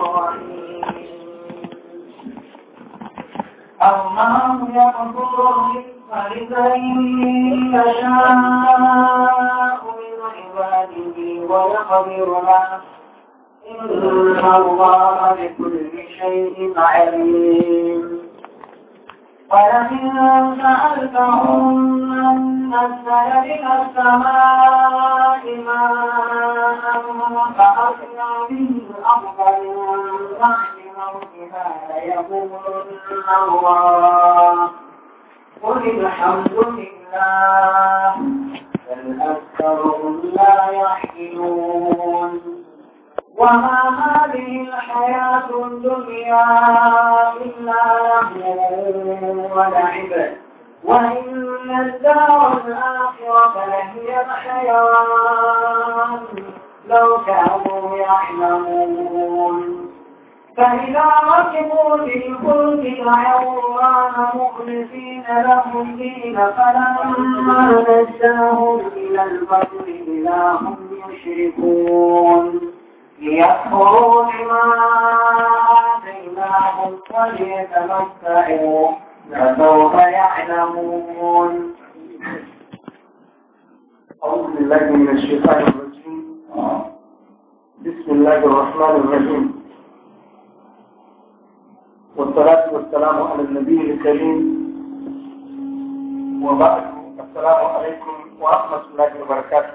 الرحيم الله يغفر لمن يشاء من عباده ويقدر له إن الله بكل شيء عليم ولئن سألتهم من نزل من السماء ماء فأحيا به الأرض من بعد موتها ليقولن الله قل الحمد لله بل أكثرهم لا يحملون وما هذه الحياة الدنيا إلا له ولعبه وإن الدار الآخرة لهي الحيوان لو كانوا يحلمون فإذا ركبوا في الفلك دعوا الله مخلصين له الدين فلما نجاهم إلى البر إذا هم يشركون ليكفروا بما آتيناهم وليتمتعوا فسوف يعلمون أعوذ بالله من الشيطان الرجيم بسم الله الرحمن الرحيم والصلاة والسلام على النبي الكريم وبعد السلام عليكم ورحمة الله وبركاته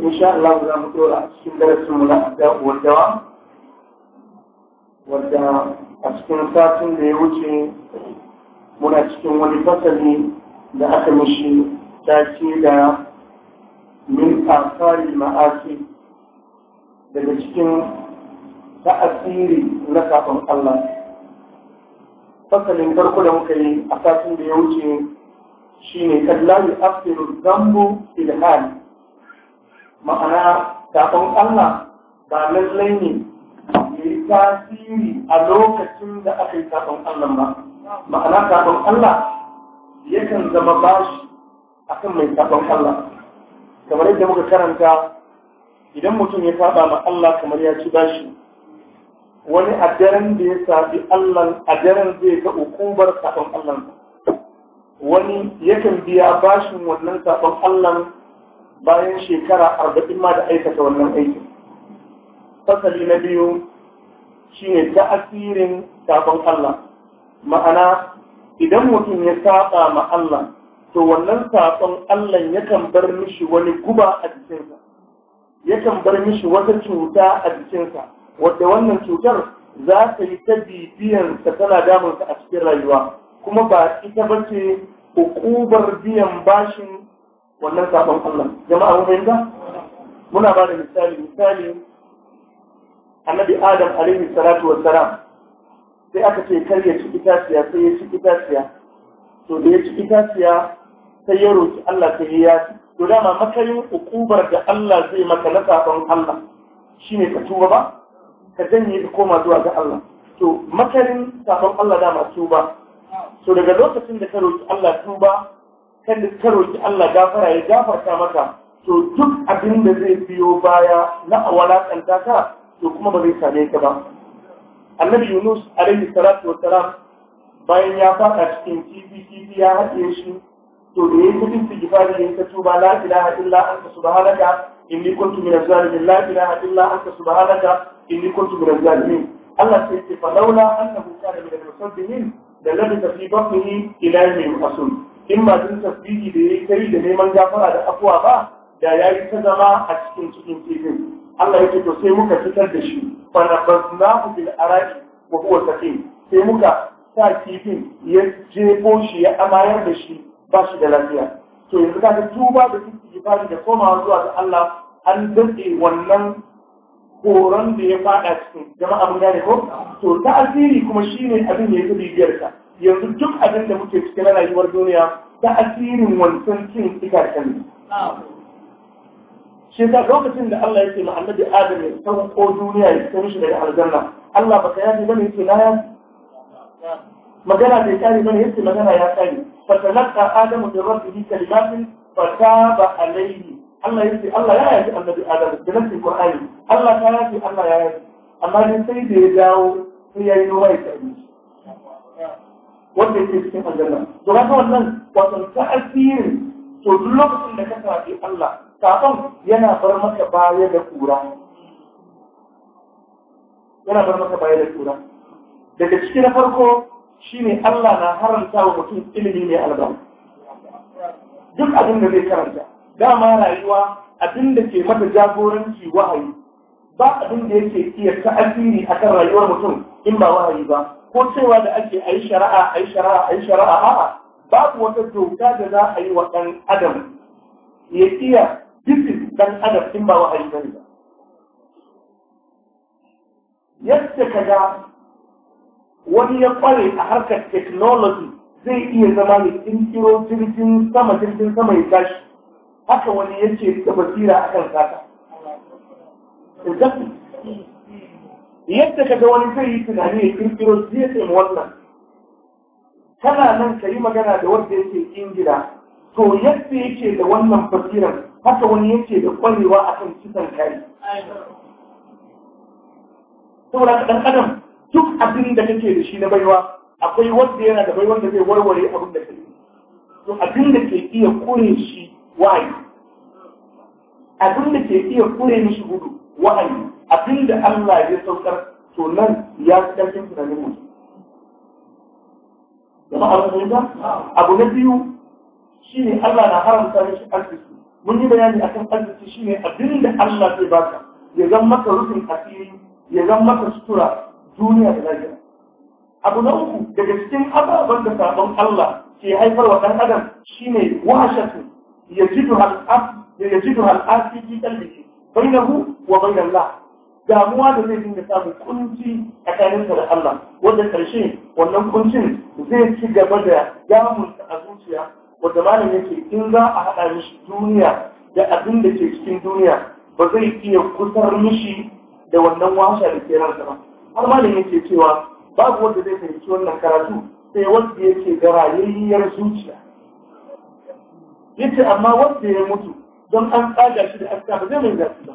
إن شاء الله za mu dora cikin darasinmu na addu'a wal dawam wadda a cikin satin da ya wuce muna cikin wani fasali da aka mishi take da min asari ma'asi daga cikin ta'asiri na kafin Allah fasalin farko da muka yi a satin da ya wuce shine kallon afiru zambo ilhali ma'ana kafin Allah ba lallai ne tasiri a lokacin da aka yi sabon Allah ba ma'ana sabon Allah yakan zama bashi akan mai sabon Allah kamar yadda muka karanta idan mutum ya saba ma Allah kamar ya ci bashi wani a daren da ya sabi Allah a daren zai ga ukubar sabon Allah wani yakan biya bashin wannan sabon Allah bayan shekara arba'in ma da aikata wannan aikin fasali na biyu Shi shine ta'asirin sabon Allah ma'ana idan mutum ya saba ma Allah to wannan saƙon Allah yakan bar mishi wani guba a jikinsa yakan bar mishi wata cuta a jikinsa wadda wannan cutar za ta yi ta bibiyansa tana damunsa a cikin rayuwa kuma ba ita ba ce hukubar biyan bashin wannan saƙon Allah jama'a mun fahimta muna ba da misali misali annabi adam alaihi salatu wassalam sai aka ce kar ya ci itaciya sai ya ci itaciya to da ya ci itaciya sai ya roki Allah sai ya yafi to dama makayin ukubar da Allah zai maka na sabon Allah shine ka tuba ba ka janye ka koma zuwa ga Allah to makarin sabon Allah dama tuba to daga lokacin da ka roki Allah tuba kan da ka roki Allah gafara ya gafarta maka to duk abin da zai biyo baya na awalakanta ka to kuma ba zai same ka ba annabi yunus alaihi salatu wassalam bayan ya faɗa cikin kifi kifi ya haɗe shi to da yayi kudin tijifari yayi ta tuba la ilaha illa anta subhanaka inni kuntu minaz zalimin la ilaha illa anta subhanaka inni kuntu minaz zalimin Allah sai ce fa laula annahu kana minal musabbihin da labisa fi batnihi ila yawmil asul in ma dun tasbihi da yayi kai da neman gafara da afuwa ba da yayi ta zama a cikin cikin kifin Allah yake to sai muka fitar da shi fa nabaznahu bil araki wa huwa sakin sai muka sa kifin ya jefo shi ya amayar da shi ba shi da lafiya to yanzu ka tuba da istighfari da komawa zuwa ga Allah an dade wannan koron da ya fada cikin jama'a mun gane ko to ta'asiri kuma shine abin da yake bibiyar ka yanzu duk abin da muke cikin rayuwar duniya ta'asirin wancan cin ikakan ne shi yasa lokacin da Allah yake ma annabi Adam ya san ko duniya ya san shi daga aljanna Allah baka yaji bane yake na ya magana bai kare bane yake magana ya kare fa talaqa Adam bi rabbihi kalimatin fa taba alayhi Allah yake Allah ya yaji annabi Adam da nan Qur'ani Allah ta yaji Allah ya yaji amma dai sai da ya dawo sai ya yi ruwa ya kare wanda yake cikin aljanna to ga wannan wato ta'asirin to duk lokacin da ka sabi Allah kafin yana bar maka baya da kura yana bar maka baya da kura daga ciki na farko shine Allah na haranta wa mutum ilimi mai albarka duk abin da zai karanta dama rayuwa abin da ke mata jagoranci wahayi ba abin da yake iya ta'asiri akan rayuwar mutum in ba wahayi ba ko cewa da ake ayi shari'a ayi shari'a ayi shari'a a'a babu wata doka da za a yi wa ɗan adam ya iya gifin dan adam in ba ba yadda ka ga wani ya kware a harkar technology zai iya zama ne in kiro jirgin sama jirgin sama ya tashi haka wani ya ce da basira a kan sata yadda ka ga wani zai yi tunani ya kirkiro zai wannan kana nan ka yi magana da wanda yake ingila to yadda yake da wannan basiran haka wani yake da kwarewa akan kisan kari. saboda ka ɗan adam duk abin da kake da shi na baiwa akwai wanda yana da baiwa da zai warware abin da kai. to abin da ke iya kure shi wahayi abin da ke iya kure mishi gudu wahayi abin da Allah ya saukar to nan ya fi ƙarfin tunanin mutum jama'a abu na biyu shine Allah na haramta mishi arziki mun yi bayani akan arziki shine abin da Allah zai baka ya zan maka rufin asiri ya zan maka sutura duniya da lafiya abu na uku daga cikin ababen da sabon Allah ke haifar wa ɗan adam shine washatu ya jidu al'afi bai na hu wa bainan Allah damuwa da zai dinga samun kunci tsakaninsa da Allah wanda karshe wannan kuncin zai ci gaba da damunsa a zuciya wanda malam yake in za a haɗa mishi duniya da abin da ke cikin duniya ba zai iya kusar mishi da wannan washa da ke ransa ba har malam yake cewa babu wanda zai fahimci wannan karatu sai wanda yake ga rayayyar zuciya yace amma wanda ya mutu don an tsaga shi da aska ba zai mai zafi ba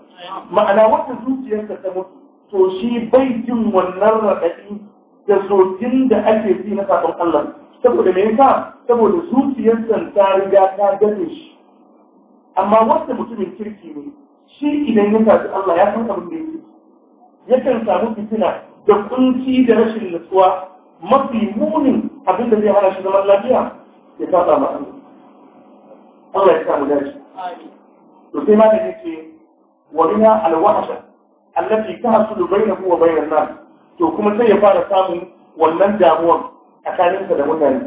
ma'ana wanda zuciyarsa ta mutu to shi bai jin wannan raɗaɗi da zofin da ake fi na sakon Allah saboda me yasa saboda zuciyarsan ta riga ta gane shi amma wanda mutumin kirki ne shi idan ya tafi Allah ya san abin da yake yakan samu fitina da kunci da rashin nutsuwa mafi munin abin da zai hana shi zaman lafiya ya saba ma Allah ya samu dace to sai ma da yake wa minha alwahsha allati tahsulu bainahu wa bainan nas to kuma sai ya fara samun wannan damuwar tsakaninsa da mutane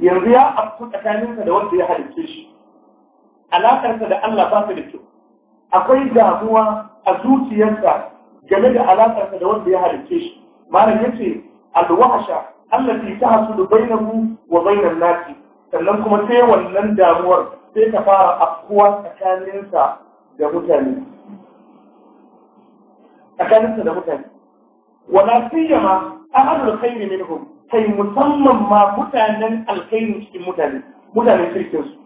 yanzu ya afku tsakaninsa da wanda ya halicce shi Alakarsa da Allah ba su da kyau akwai damuwa a zuciyarsa game da alakarsa da wanda ya halicce shi malam yace alwahsha allati tahsulu bainahu wa bainan nasi sannan kuma sai wannan damuwar sai ta fara afkuwa tsakaninsa da mutane tsakaninsa da mutane wala siyama ahlul khairi minhum kai musamman ma mutanen alkhairi cikin mutane mutanen kirkin su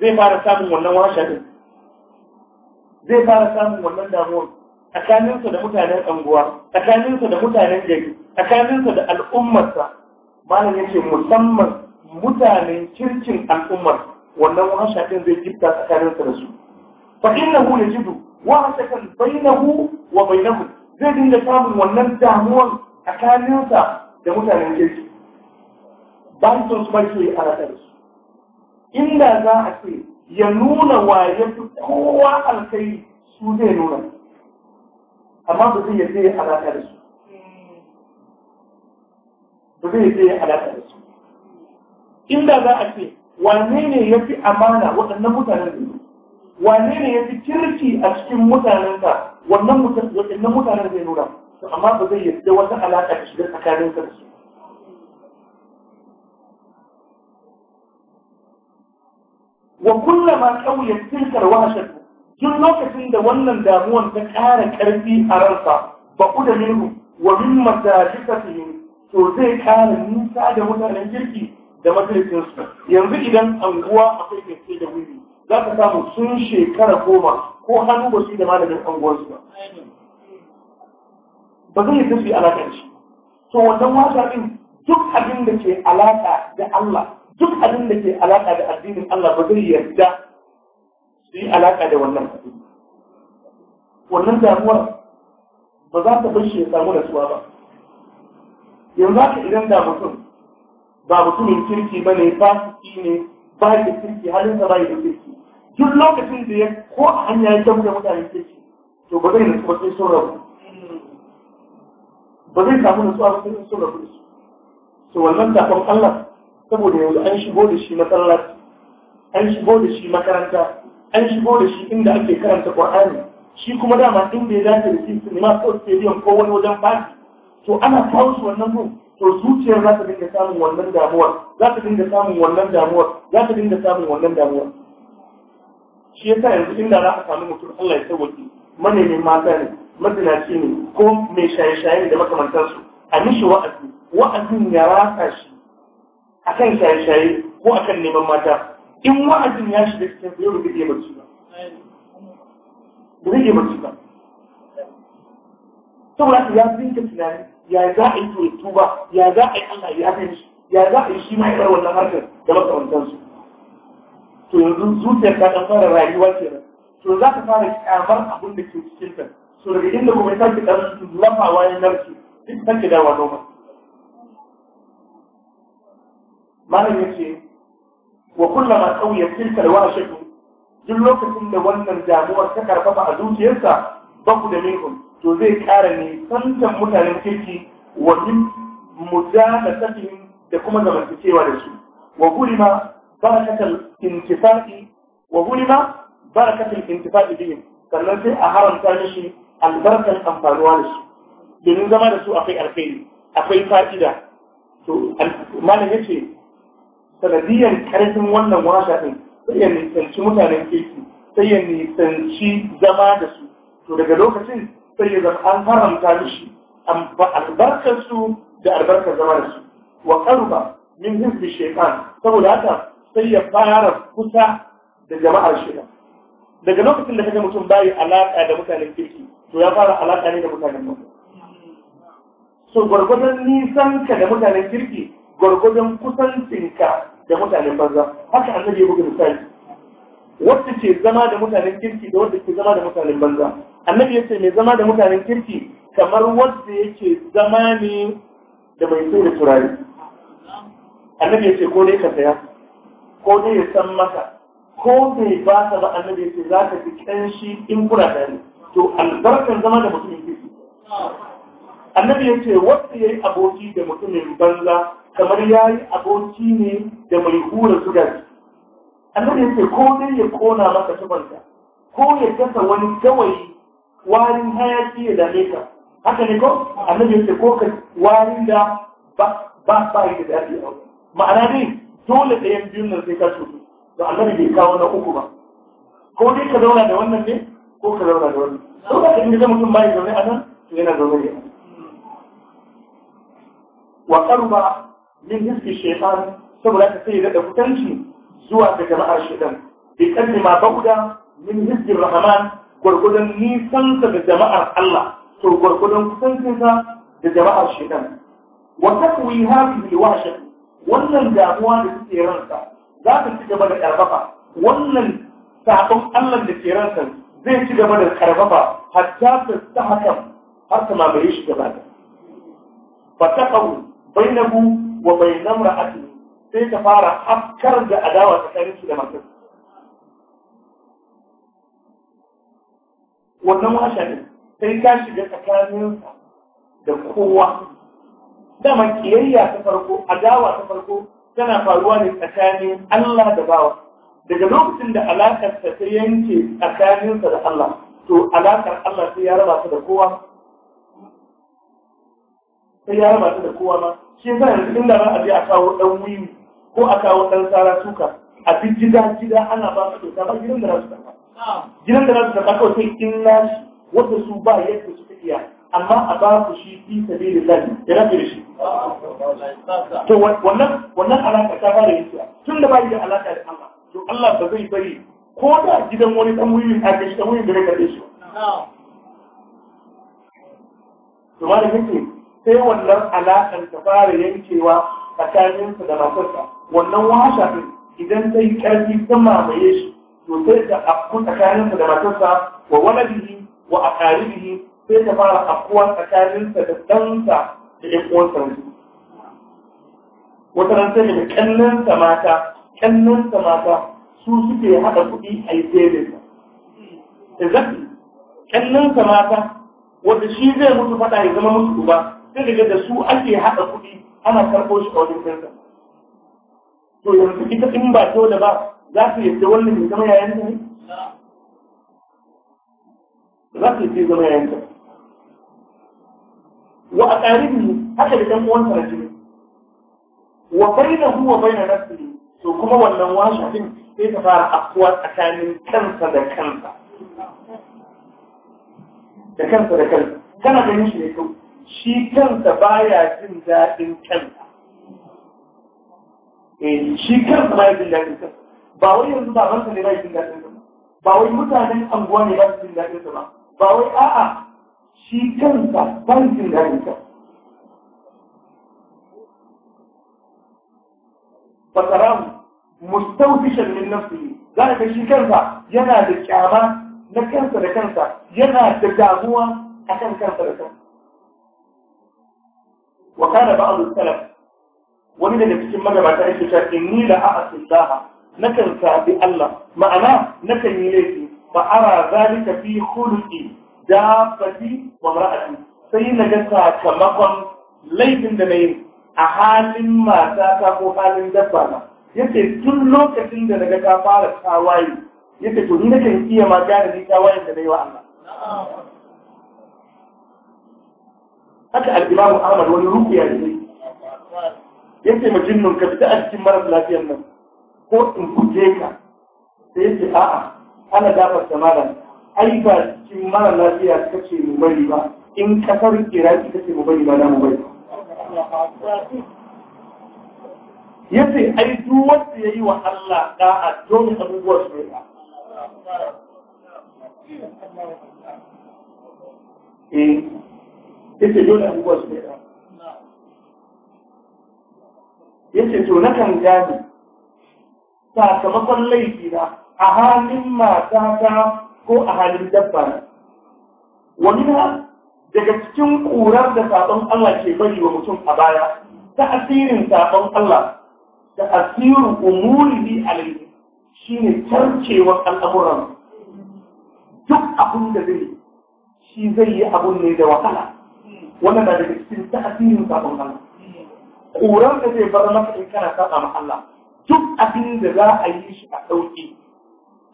zai fara samun wannan washa din zai fara samun wannan damuwar tsakaninsa da mutanen anguwa tsakaninsa da mutanen gari tsakaninsa da al'ummarsa malam yace musamman mutanen kirkin al'ummar wannan washa din zai jibta tsakaninsa da su fa innahu yajidu wa hasakan bainahu wa bainahum zai dinga samun wannan damuwan kaninsa da mutanen kirki ba su su barke a rasar su inda za a ce ya nuna wa ya fi kowa alkai su zai nuna amma ba zai ya alaƙa da su ba zai yace alaƙa da su inda za a ce wane ne ya fi amana waɗannan mutanen ne wane ne ya fi kirki a cikin mutanenka wannan mutane mutanen zai nuna su amma ba zai yadda wata alaƙa da shiga tsakanin da su wa ma ƙauyen wa wahshat tun lokacin da wannan damuwan ta ƙara ƙarfi a ransa ba ku da minhu wa min masajisatihim to zai ƙara nisa da mutanen kirki da majalisinsu yanzu idan anguwa akwai kirki da wuri za ka samu sun shekara goma ko hannu ba su da malamin anguwarsu ba ba zai yi tafi alaƙa shi to wannan wasa ɗin duk abin da ke alaƙa da Allah duk abin da ke alaƙa da addinin Allah ba zai yarda su yi alaƙa da wannan abin wannan damuwar ba za ta bashi ya samu nasuwa ba yanzu haka idan da mutum ba mutumin kirki ba ne ba su ne ba da kirki halin halinsa ba yi da kirki duk lokacin da ya ko a hanya ya kyamu da mutane ke ci to ba zai nasu ba sai sun rabu ba zai samu nutsuwa ba sai sun rabu da su to wannan tafan Allah saboda yanzu an shigo da shi masallaci an shigo da shi makaranta an shigo da shi inda ake karanta Qur'ani shi kuma dama inda ya dace da cikin sinima ko stadium ko wani wajen fati to ana kawo su wannan gurin to zuciyar za ta dinga samun wannan damuwar za ta dinga samun wannan damuwar za ta dinga samun wannan damuwar shi yasa yanzu inda za a samu mutum Allah ya sauke manemin mata ne mazinaci ne ko mai shaye-shaye da makamantarsu a mishi wa'azi wa'azin ya rasa shi akan shaye-shaye ko akan neman mata in wa'azin ya shiga cikin yau da zai mace ba zai barci ba saboda ya zinka tunani ya za a yi tuba ya za a yi Allah ya ya za a yi shi ma ya wannan harkar da makamantarsu to yanzu zuciyar ta dan fara rayuwa kenan to za ka fara kyamar abin da ke cikin ta to daga inda kuma ya sake dan lafawa na narke duk sake dawa noma malam yace wa kullama qawiyat tilka alwashatu duk lokacin da wannan damuwar ta karfafa a zuciyarsa babu da minhum to zai ƙara ne tantan mutanen kirki wa min da kuma zamantakewa da su wa ma. wa الانتفاع وظلم بركة الانتفاع بهم sannan sai a haramta mishi albarkar amfanuwa da su domin zama da su akwai alkhairi akwai fa'ida to malam ya sanadiyar karfin wannan wasa din sai ya nisanci mutanen keki sai ya nisanci zama da su to daga lokacin sai ya zama an haramta mishi albarkar su da albarkar zama da su wa karuba min hizbi shaitan saboda haka sai ya fara kusa da jama'ar shiga daga lokacin da kaje mutum bai alaka da mutanen kirki to ya fara alaka ne da mutanen mutum so gwargwadon nisan ka da mutanen kirki gwargwadon kusancinka da mutanen banza haka annabi ya buga misali wacce ce zama da mutanen kirki da wacce ke zama da mutanen banza annabi ya ce mai zama da mutanen kirki kamar wacce yake zama ne da mai sai da turare annabi ya ce ko dai ka saya ko dai ya san maka ko bai ba ka ba annabi ce za ka fi kanshi in kuna tare to albarkar zama da mutumin kirki annabi ya ce wanda ya yi aboki da mutumin banza kamar ya yi aboki ne da mai hura gaji. annabi ya ce ko dai ya kona maka tubanta ko ya kasa wani gawayi warin hayaki ya dame ka haka ne ko annabi ya ce ko ka warin da ba ba da daɗi ma'ana dai dole ɗayan biyun nan sai ka cutu da Allah bai kawo na uku ba ko dai ka zauna da wannan ne ko ka zauna da wannan sau da in ga mutum bai zaune a nan to yana zaune ne wa qaruba min hisbi shaytan saboda ka sai da kutanci zuwa ga jama'ar shaytan bi kalli ma bauda min hisbi rahman gurgudan nisan sa da jama'ar Allah to gurgudan kusancinsa da jama'ar shaytan wa takwi hadhihi wahshat wannan damuwa da suke ransa za ta ci gaba da karfafa wannan sabon Allah da ke ransa zai ci gaba da karfafa hatta ta ta hakan har ta mamaye shi gaba da fataqahu bainahu wa bain imra'ati sai ta fara afkar da adawa tsakanin su da matar wannan washa ne sai ta shiga tsakaninsa da kowa dama kiyayya ta farko adawa ta farko tana faruwa ne tsakanin Allah da bawa daga lokacin da alakar ta ta yanke tsakaninsa da Allah to alakar Allah sai ya raba ta da kowa sai ya raba ta da kowa ma shi yasa yanzu inda za a je a kawo dan wiwi ko a kawo dan sara suka a bi gida gida ana ba su ta ba gidan da za su ba. gidan da za su ba, kawai sai in lashi wanda su ba yadda suka iya amma a ba ku shi fi sabi da sani ya rafi da shi to wannan wannan ta fara yin tun da ba da alaƙa da Allah to Allah ba zai bari ko da gidan wani ɗan wuyin a ga ɗan wuyin da rai da shi to da kake sai wannan alaƙa ta fara yankewa tsakaninsa da matarsa wannan washa ɗin idan yi ƙarfi ta mamaye shi to sai ta afku tsakaninsa da matarsa wa waladihi wa aqaribihi sai ta fara afuwa tsakaninsa da ɗansa da ɗan uwansa ne. wata ran sai daga ƙannansa mata ƙannansa mata su suke haɗa kuɗi a yi savings exactly ƙannansa mata wanda shi zai mutu faɗa ya zama musu uba sai daga da su ake haɗa kuɗi ana karɓo shi a wajen kansa to yanzu ita in ba dole ba za su yadda wannan ya zama yayan ta ne za su yadda zama 'ya'yanta. ta wa aqaribihi haka da dan uwansa rajul wa bainahu wa bain nafsihi to kuma wannan washa din sai ta fara afkuwa tsakanin kansa da kansa da kansa da kansa kana ganin shi ne kawai shi kansa baya jin daɗin kansa eh, shi kansa baya jin daɗin kansa ba wai yanzu babansa ne baya jin daɗin kansa ba wai mutanen anguwa ba su jin daɗin kansa ba wai a'a shi kansa bankin da rinka fakaram min nafsi za ka shi kansa yana da kyama na kansa da kansa yana da damuwa akan kansa da kansa wa kana ba'd salaf wani daga cikin magabata yake cewa inni la a'asillaha nakan sabi Allah ma'ana nakan yi laifi fa ara zalika fi khuluqi dabbati wa mar'ati sai na ga sakamakon laifin da na yi a halin matata ko halin dabba na yace tun lokacin da na ga ta fara tawaye yace to ni nake iya ma gane ni tawayen da na yi wa Allah haka al-Imam Ahmad wani rukuya da yake yace ma jinnun ka fita a cikin marar lafiyar nan ko in kuje ka sai yace a'a ana gafar samaran ai ba cikin mara lafiya suka ce mu bari ba in kasar iraki ta ce mu bari ba za mu bari ya ce ai duk wanda ya yi wa Allah da'a dole abubuwa su ya ce eh, yace dole abubuwa su ya yace to na kan gane sakamakon laifina a halin ta. ko a halin dabba wani na daga cikin ƙurar da saɓon Allah ke bari wa mutum a baya ta asirin saɓon Allah da asirin umurihi alaihi shi ne tarkewar al'amuran duk abin da zai shi zai yi abun ne da wahala wannan na daga cikin ta asirin saɓon Allah ƙurar da zai bar maka in kana saɓa ma Allah duk abin da za a yi shi a sauƙi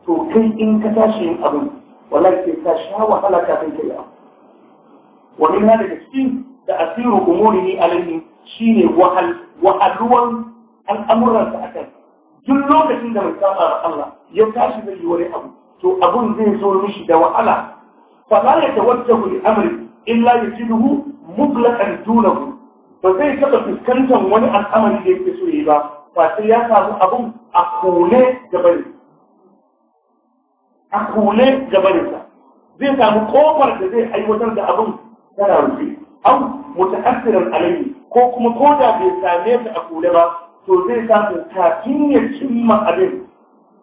to kai in ka tashi yin abin wallahi sai ka sha wahala kafin kai abu Wani min hada da cikin da asiru umurihi alaihi shine wahal wahaluwan al'amuran sa akan duk lokacin da mai saba Allah ya tashi zai yi wani abu to abun zai zo mishi da wahala fa la yatawajjahu li amri illa yajiduhu mutlaqan dunahu ba zai taɓa fuskantar wani al'amari da yake so yi ba ba sai ya samu abun a kone da bari a kule gabaninsa zai samu kofar da zai aiwatar da abin tana rufe au mutaassiran alayhi ko kuma ko da bai same ta a kule ba to zai samu kafin ya cimma abin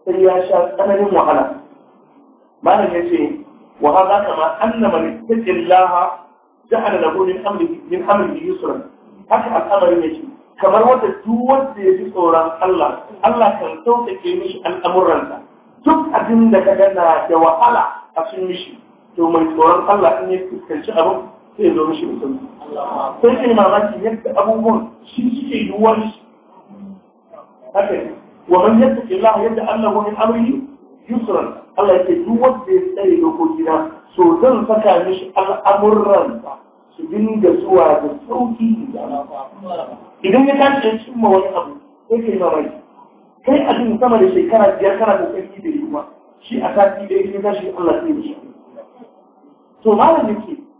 sai ya sha tsananin wahala malam ya ce wa hada kama anna man ittaqillaha ja'ala lahu min amrihi min amrihi yusran haka al'amarin yake kamar wanda duk wanda ya ji tsoron Allah Allah kan sauƙaƙe mishi al'amuransa duk abin da ka gana da wahala a cikin mishi to mai tsoron Allah in ya fuskanci abin sai zo mishi mutum sai ke mamaki yadda abubuwan shi suke yiwuwa shi haka ne wa man yattaqi Allah yadda Allah wani min amrihi yusran Allah yake duk da ya tsare da na so zan saka mishi al'amuran su dinga zuwa da sauki idan ya tashi cimma wani abu sai kai mamaki kai a cikin sama da shekara biyar kana kokarin da yi kuma shi a sati da yake shi Allah yi shi to malam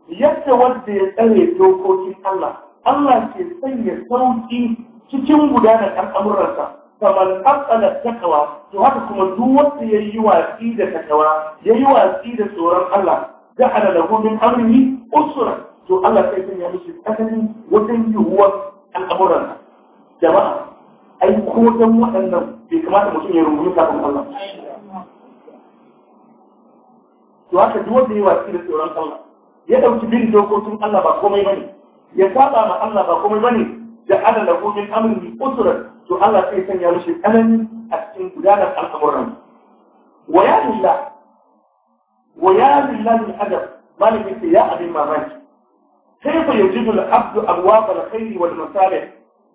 yadda wanda ya tsare dokokin Allah Allah ke sanya sauki cikin gudanar al'amuransa kamar tsatsalar takawa to haka kuma duk wanda ya yi watsi da takawa ya yi watsi da tsoron Allah ja'ala lahu min amrihi usura? to Allah sai sanya mishi tsakanin wajen yiwuwar al'amuransa jama'a ai ko dan waɗannan bai kamata mutum ya rungumi kafin Allah to haka duk wanda ya watsi da tsoron Allah ya ɗauki bin dokokin Allah ba komai ba ne? ya saba ma Allah ba komai ba ne? da ana da kokin amri usra to Allah sai sanya mishi tsanani a cikin gudanar al'amuran wa ya lillah wa ya lillah min adab malikin sai ya abin mamaki كيف يجد العبد أبواب الخير والمصالح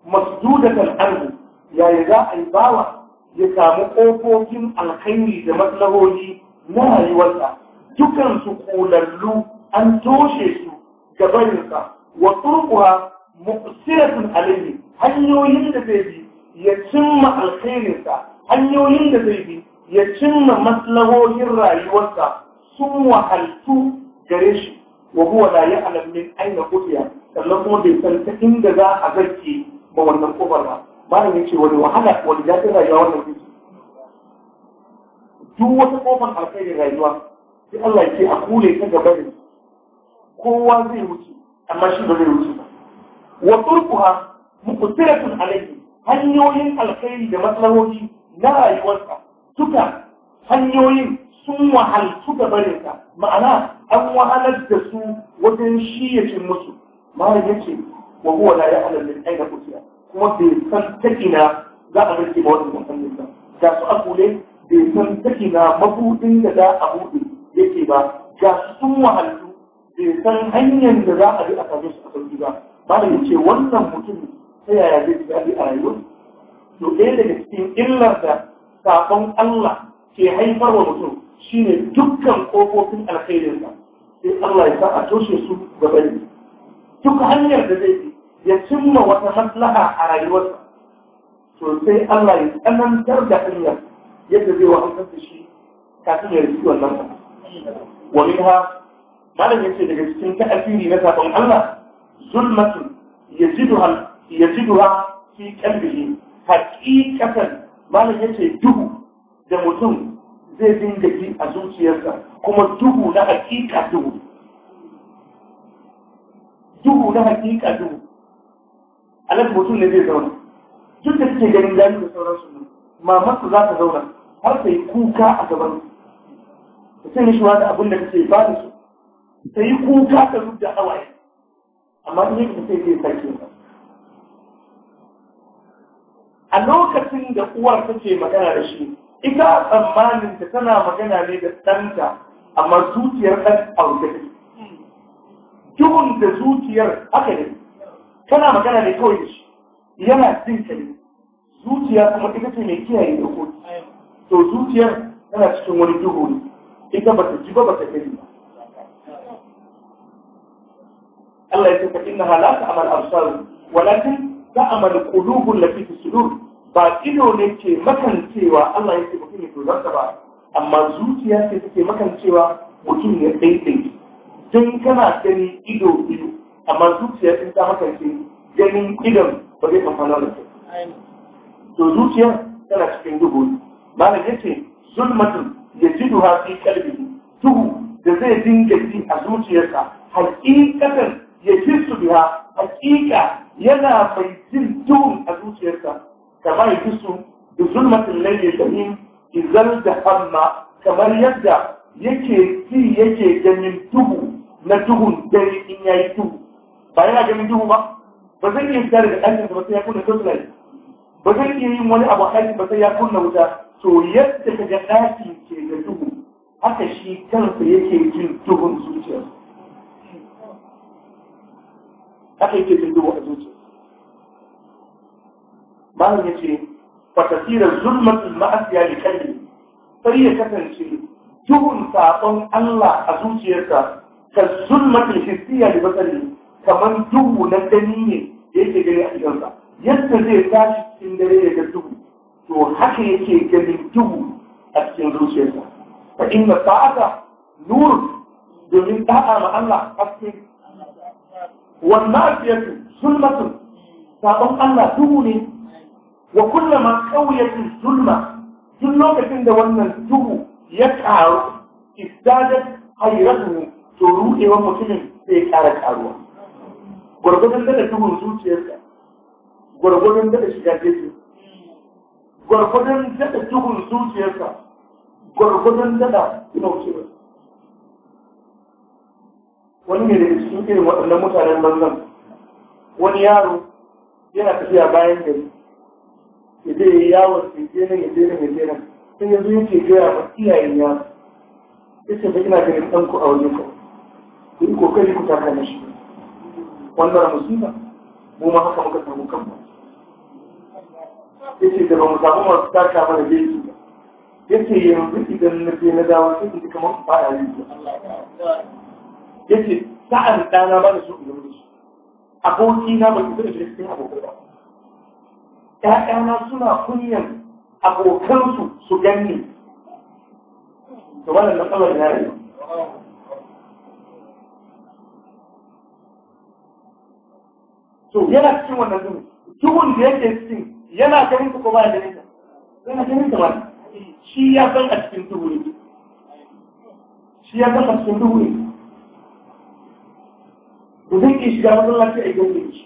مسدودة عنه يا يداء bawa? ya samu ƙofofin alkhairi da maslahohi na rayuwarsa dukansu kolallu an toshe su ga barinsa wa turkuwa muqsiratun alayhi hanyoyin da zai bi ya cimma alkhairinsa hanyoyin da zai bi ya cimma maslahohin rayuwarsa sun wahaltu gare shi wa huwa la ya'lam min aina qutiya sannan kuma bai san ta inda za a zarce ba wannan kofar ba malam ce wani wahala wani daɗin rayuwa wannan yake duk wata kofar alkhairin rayuwa sai Allah ke a kule ta gaba da kowa zai wuce amma shi ba zai wuce ba wa turkuha muqtiratun alayhi hanyoyin alkhairi da maslahohi na rayuwarsa suka hanyoyin sun wahaltu da barinsa ma'ana an wahalar da su wajen cin musu malam yake wa huwa la ya'lamu min aina utiya kuma bai san takina za a rike ba wannan ba ga su a kule bai san takina na mabudin da za a bude yake ba ga su sun wahallu bai san hanyar da za a bi a su a sauki ba ba da ce wannan mutum ta yaya zai ji daɗi a rayuwar to ɗaya daga cikin illar da kafan Allah ke haifarwa mutum shine dukkan kofofin alkhairinsa sai Allah ya sa a toshe su gaba duk hanyar da zai bi ya cimma wata maslaha a rayuwarsa to sai Allah ya tsanantar da hanyar yadda zai wahantar da shi kafin ya rufi wannan ba wa ha malam yace daga cikin ta'asiri na sabon Allah zulmatun yajiduha yajiduha fi qalbihi haqiqatan malam yace duhu da mutum zai dinga ji a zuciyarsa kuma duhu na haƙiƙa duhu duhu na haƙiƙa duhu a mutum ne zai zauna duk da suke ganin gani da sauransu mamansu za ta zauna har ta yi kuka a gaban ta ce mishi da abin da kake ba da su ta yi kuka ta rubda hawaye amma in yake sai zai sake ba a lokacin da uwar ta ce magana da shi ita a tsammanin ta tana magana ne da ɗanta amma zuciyar ɗan aure duhun da zuciyar haka ne tana magana da kawai da shi yana jin ta zuciya kuma ita ce mai kiyaye da koki to zuciyar tana cikin wani duhu ne ita ba ta ji ba ba ta gani ba Allah ya ce fa innaha la amal absar walakin amal qulubul lati fi sudur ba ido ne ke makancewa Allah ya ce mutum ya tozarta ba amma zuciya ce take makancewa mutum ya dai don kana gani ido biyu amma zuciya in ta haka ce ganin idan ba zai amfana da to zuciya tana cikin duhu ne. malam ya ji duha fi kalbi duhu da zai dinga ji a zuciyarsa hakikatan ya ji su biya hakika yana bai jin duhun a zuciyarsa kamar ya ji su da zulmatin da yin izal da amma kamar yadda yake ji yake ganin duhu na duhun dare in yayi duhu ba yana ganin duhu ba ba zan iya fita daga ɗakin ba sai ya kunna tosilas ba zan iya yin wani abu ɗakin ba sai ya kunna wuta to yadda ka ga ɗaki ke da duhu haka shi kansa yake jin duhun zuciya. haka yake jin duhu a zuciya malam ya ce fatasirar zulmatul ma'asiya da kalli sai ya kasance duhun saƙon Allah a zuciyarsa ka zulmatul hissiya da basari kamar duhu na dani ne da yake gani a gidansa yadda zai tashi cikin dare ya ga duhu to haka yake ganin duhu a cikin zuciyarsa fa inna ta'ata nur domin ta'a ma Allah haske wannan fiyatu zulmatun sabon Allah duhu ne wa kullama qawiyatu zulma duk lokacin da wannan duhu ya karu istadat hayratuhu to ruɗewa mutumin sai ƙara ƙaruwa. gwargwadon daga tuhun zuciyarka gwargwadon daga shiga jeji gwargwadon daga tuhun zuciyarka gwargwadon daga inaucewa wani ne da cikin irin waɗannan mutanen banzan wani yaro yana tafiya bayan gari ya je yawon ya je nan ya je nan ya je nan sai yanzu yake gaya wa iyayen yaro ya ce ba ina ganin ɗanku a wajen ku yi kokari ku taka shi wannan musulma mu ma haka muka samu kanmu yace da ba mu samu masu taka mana gefe ba yace yanzu idan na je na dawo sai ji kamar ba ya yi yace sa'an dana ba da su idan da su aboki na ba su da shi cikin abokai ba ƴaƴana suna kunyan abokansu su ganni to wannan matsalar ya rayu to yana cikin wannan duhu duhun da yake cikin yana ganin ka ko baya ganin ka yana ganin ka ba shi ya san a cikin duhu ne shi ya san a cikin duhu ne da zai iya shiga masallaci a gidan shi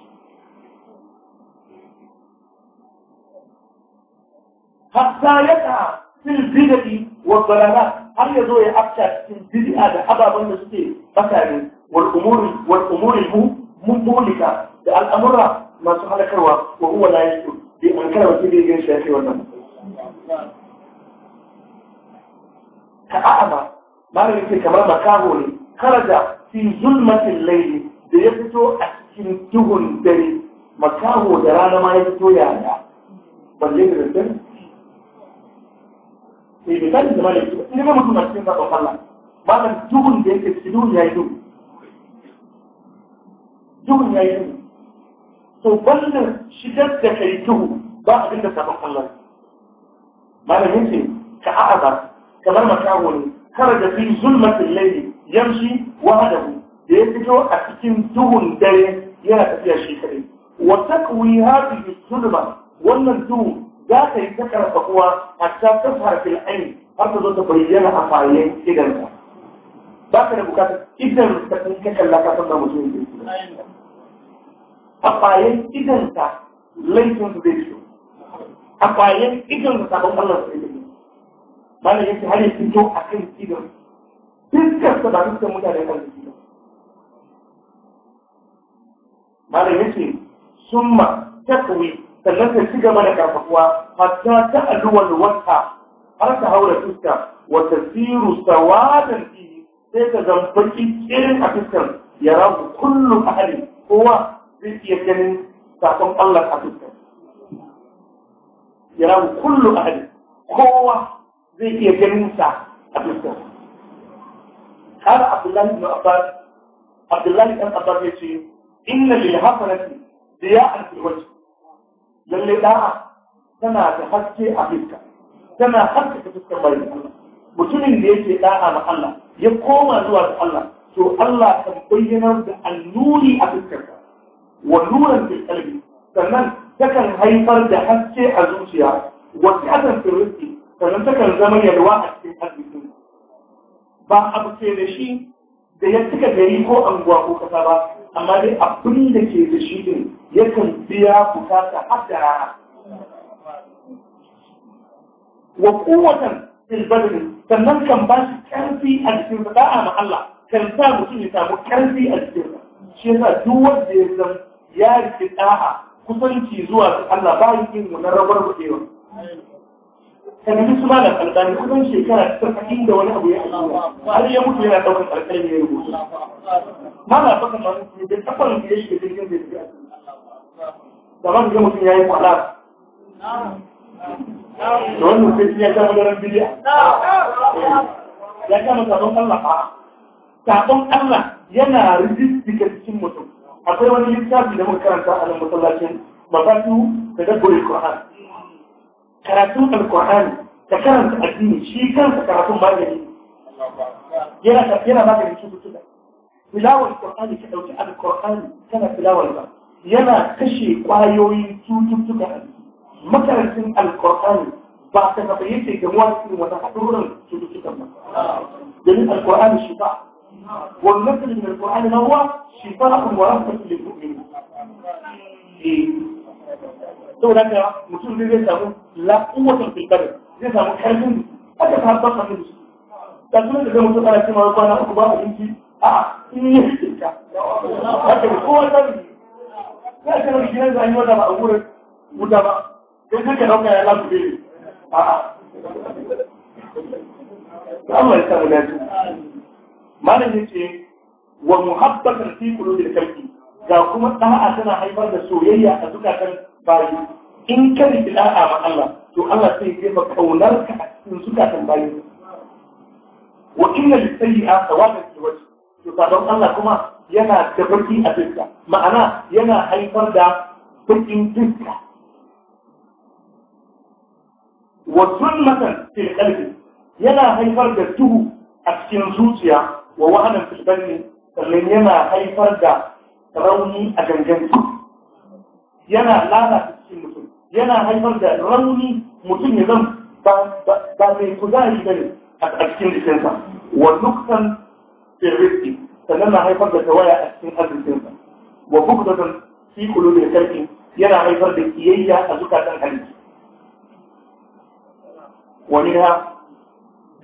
hatta yaka fil bid'i wa dalalat har zo ya afta cikin bid'a da ababen da suke bakare wal umuri wal umuri mu mulika da al'amura masu halakarwa wa huwa la yasku bi an kana wasu bi yin shafi wannan ka a'ama malamin ce kamar makaho ne kharaja fi zulmatin layli da ya fito a cikin duhun dare makaho da rana ma ya fito yaya balle da dare ne bai sani da malamin ce ne ba mutum a cikin zaɓen Ba malam duhun da yake cikin duhun ya yi duhu duhun ya yi duhu to wannan shigar da yi tuhu ba abin da sabon malamin ce ka a'aza kamar makaho ne kar da fi zulmatin laili yamshi wa hadahu da ya fito a cikin duhun dare yana tafiya shi kadai wa takwi hadhihi zulma wannan duhu za ta yi ta a hatta tafhar fil ayn har ta zo ta bayyana a fayen idan ba ka da bukatar idan ka kalla ka san da mutum ne a kwayan idanta laifin su zai fito a kwayan idan da sabon Allah su ilimi mana yake har ya fito a kan idan fiskar sa ba fiskar mutane kan su idan mana yake summa takwi sannan ta ci gaba da karfafuwa hatta ta aluwal wata har ta haura fuska wa tasiru sawadan fi sai ta zambaki irin a fuskar yara kullu ahli kowa sun iya ganin sakon Allah a dukkan yarahu kullu ahli kowa zai iya ganin sa a dukkan قال Abdullahi الله بن عباس عبد الله بن عباس يقول إن للحسنة ضياء في الوجه للي da'a tana da haske a fuska tana haske haskaka fuskar bayan Allah mutumin da yake da'a ma Allah ya koma zuwa ga Allah to Allah kan bayyana da annuri a fuskarsa wa nuran fil qalbi sannan takan haifar da haske a zuciya wa ta'atan fil sannan takan zama yalwa a cikin arziki ba abu ke da shi da ya cika yi ko anguwa ko kasa ba amma dai abin da ke da shi ne kan biya bukata har da rana wa kuwatan fil badri sannan kan ba shi karfi a jikin sa da'a ma Allah kan sa mutum ya samu karfi a jikin shi yasa duk wanda ya san ya rike da'a kusanci zuwa ga Allah ba yi yin wannan rabar gudewa kan su ba da kalkani kusan shekara ta da wani abu ya Allah har ya mutu yana daukar kalkai ne ya rubuta ma na baka ba ne da kafar da yake da jirgin da ya da ba ga mutum yayi kwala da wannan sai ya kama da ran bidiya ya kama sabon Allah fa sabon Allah yana rijistika cikin mutum akwai wani littafi da muka karanta a nan masallacin mafatu da dabbar Qur'an karatun alqur'ani da karanta addini shi kansa karatun magani yana yana magani cututtuka tilawar Qur'ani ka dauki alqur'ani tana filawar ba yana kashe kwayoyin cututtuka makarantun al alqur'ani ba ta kafa yake ga wani irin wata haɗurran cututtukan ba domin alqur'ani shi ba والمثل من القرآن هو شفاء ورحمة للمؤمنين to da mutum zai zai samu la'uwatan filkarin zai samu karfin aka ta haɓar kan su ta suna da zama tsara cewa kwana uku ba abinci a in yi fitinka haka da kowa ta biyu za a kana bikinan zai yi wata ba a wurin wuta ba don kake ɗauka a a ya samu dace malam yace wa muhabbatan fi qulubil kalbi ga kuma da'a tana haifar da soyayya a zukatan bayi in ka riki da'a ma Allah to Allah sai ya ba kaunar ka a cikin zukatan bayi wa inna lis a thawaban fi wajhi to sabon Allah kuma yana da barki a fuska ma'ana yana haifar da bakin dukka wa zulmatan fil qalbi yana haifar da duhu a cikin zuciya wa wahanan filbanni sannan yana haifar da rauni a gangan yana lalata cikin mutum yana haifar da rauni mutum ya zan ba mai kuzari ne a cikin jikinsa wa nuksan firriski sannan na haifar da tawaya a cikin arzikinsa wa bukdatan fi kulubin karfi yana haifar da kiyayya a zukatan hali. wani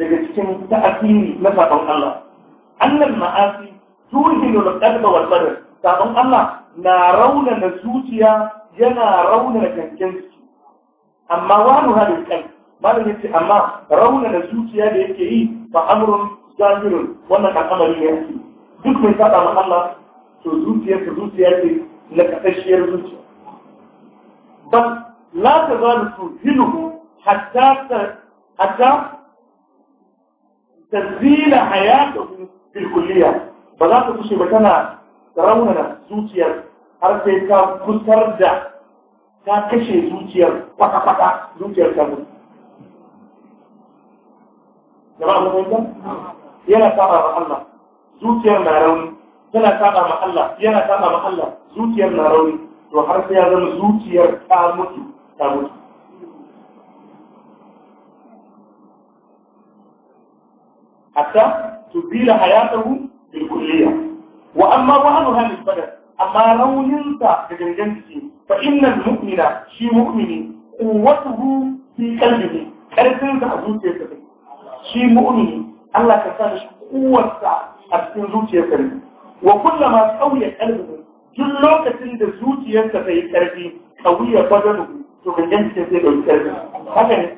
daga cikin ta'asiri na sabon Allah ma'asi أن المآسي توهن القلب والبدن sabon Allah na raunana zuciya yana raunana gangan jiki amma wani halin kai malam yace amma raunana zuciya da yake yi fa amrun zahirun wannan al'amari ne yake duk mai saba ma Allah to ta zuciya ce na kasashiyar zuciya bal la tazalu tuhinuhu hatta ta hatta tazila hayatuhu bilkulliya ba za ta kushe ba tana raunana zuciyar har sai ka kusar da ta kashe zuciyar kwata-kwata zuciyar ta mutu. Jama'a mun fahimta? Yana saba ma Allah, zuciyar na rauni, tana saba ma Allah, yana saba ma Allah, zuciyar na rauni, to har sai ya zama zuciyar ta mutu, ta mutu. Hatta تزيل حياته بالكلية وأما وهنها للبدن أما روننسا لجنجنسي فإن المؤمن شي مؤمن قوته في قلبه كارثنسا أزوتي يسري شي مؤمن الله كسانش قوة أبتنزوتي يسري وكلما قوي قلبه duk lokacin da zuciyarsa ta yi ƙarfi ƙauye bazaru to gangan ce sai da ƙarfi haka ne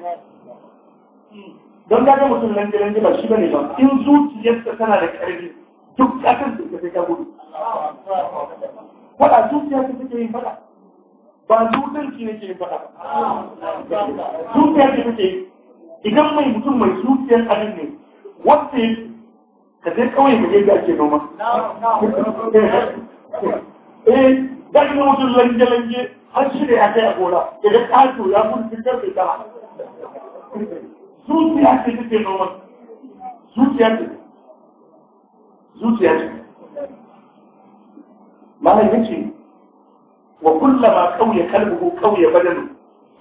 don ka ga mutum nan jiran ba shi bane ba in zuciyarsa tana da ƙarfi duk ƙasar da ta ta gudu faɗa zuciyarsa take yin faɗa ba ne ke yin faɗa zuciyarsa take yi idan mai mutum mai zuciyar abin ne wanda ya ka je kawai mu yadda da ake noma eh da kuma mutum lange lange har shi da ya kai a gona idan ƙato ya kun fitar da ta zuciya ce take noman zuciya ce zuciya ce malam ya ce wa kullama kauye kalbuhu kauye badalu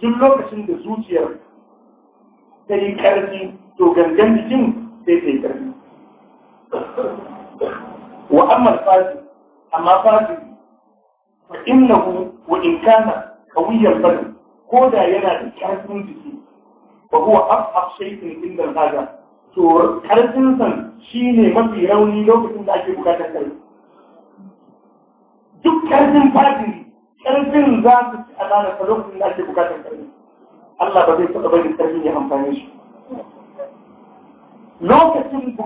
duk lokacin da zuciyar ta yi karfi to gangan jikin sai ta yi karfi wa amma fasi amma fasi fa innahu wa in kana kawiyar badal ko da yana da karfin jiki wa a abhaq shay'in inda al-haja to karfin san shine mafi rauni lokacin da ake bukatar kai duk karfin fadi karfin za su ci amana ta lokacin da ake bukatar kai Allah ba zai taɓa bari karfin ya shi lokacin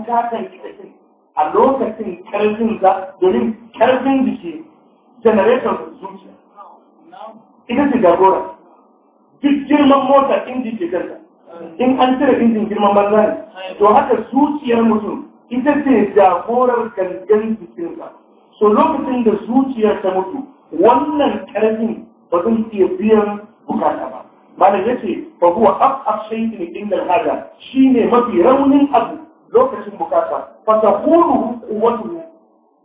a lokacin karfin za domin karfin jiki generator zuciya ita ce jagora duk girman mota inji ke kanta in an cire injin girman banza ne to haka zuciyar mutum ita ce jagorar gangan jikinsa so lokacin da zuciyar ta mutu wannan karfin ba zan iya biyan bukata ba malam yace fa huwa afaf shay'in inda hada shine mafi raunin abu lokacin bukata fa tahuru ne,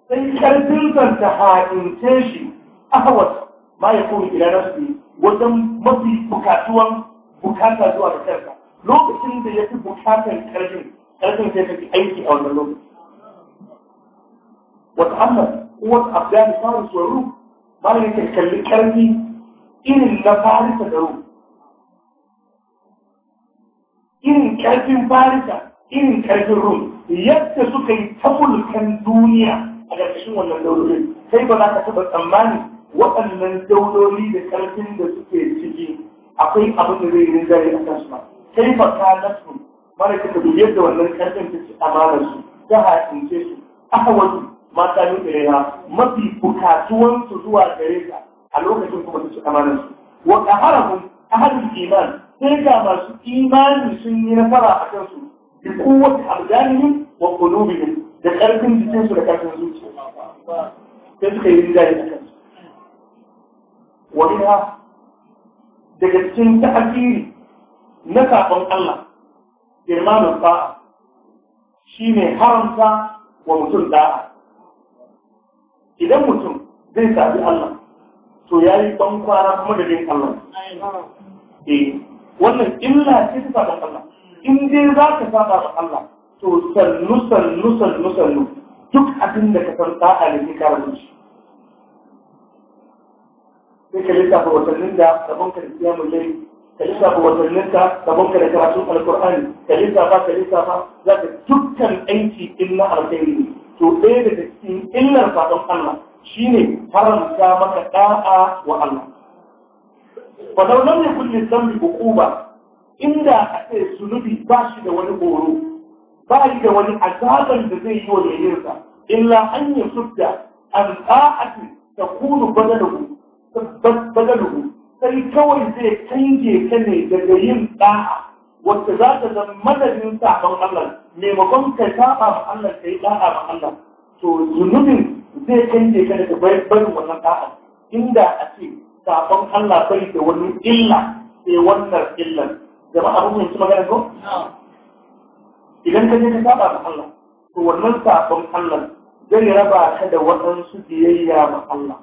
sai karfin sa ta haince shi ahwat ma yakunu ila nafsi wajen mafi bukatuwan bukata zuwa da kanka lokacin da ya fi bukatar ƙarfin ƙarfin sai ka fi aiki a wannan lokacin wata amma kuwar afghanistan tsoro ba malamin ka kalli ƙarfi irin na farisa da ru irin ƙarfin farisa irin ƙarfin ru yadda suka yi tabulkan duniya a ƙarƙashin wannan daulolin sai ba za ka taɓa tsammani waɗannan dauloli da ƙarfin da suke ciki akwai abin da zai yi rinjaye a kansu ba kai fa ka mara kika da wannan karfin ta ci amanar su ta hakince su aka wasu mata ne ɗaya mafi bukatuwan zuwa gare ka a lokacin kuma ta ci amanar su wa qaharahum ahlul iman sai ga masu imani sun yi nasara a kansu bi kowace abdanihim wa qulubihim da ƙarfin jikinsu da ƙarfin zuciya sai suka yi rinjaye a kansu wa daga cikin ta'asiri na saƙon Allah imanin ba'a shi ne haramta wa mutum da'a idan mutum zai sabi Allah to ya yi ɗan kuma da bin Allah e wannan illa ce ta Allah in dai za ka saba da Allah to sannu sannu sannu sannu duk abin da ka san da'a ne ka rabu shi sai ka lissafa watannin da sabon ka da kiyamun ka lissafa watanninka ka banka karatun alkur'ani ka lissafa ka lissafa za ka dukkan aiki illa alkhairi ne to ɗaya daga cikin illar fatan Allah shine haramta maka ɗa'a wa Allah fa law ne kulle lisan bi uquba inda ake zunubi ba shi da wani horo ba shi da wani azaban da zai yi wa yayyinsa illa an yusudda an ta'ati takunu badaluhu badaluhu sai kawai zai canje ta ne daga yin da'a wacce za ta zama madadin sabon Allah maimakon ka saba ma Allah ka yi da'a ma Allah to zunubin zai canje ka daga barin wannan da'a inda a ce sabon Allah bai da wani illa sai wannan illan jama'a mun su magana ko idan ka je ka saba ma Allah to wannan sabon Allah zai raba ka da waɗansu biyayya ma Allah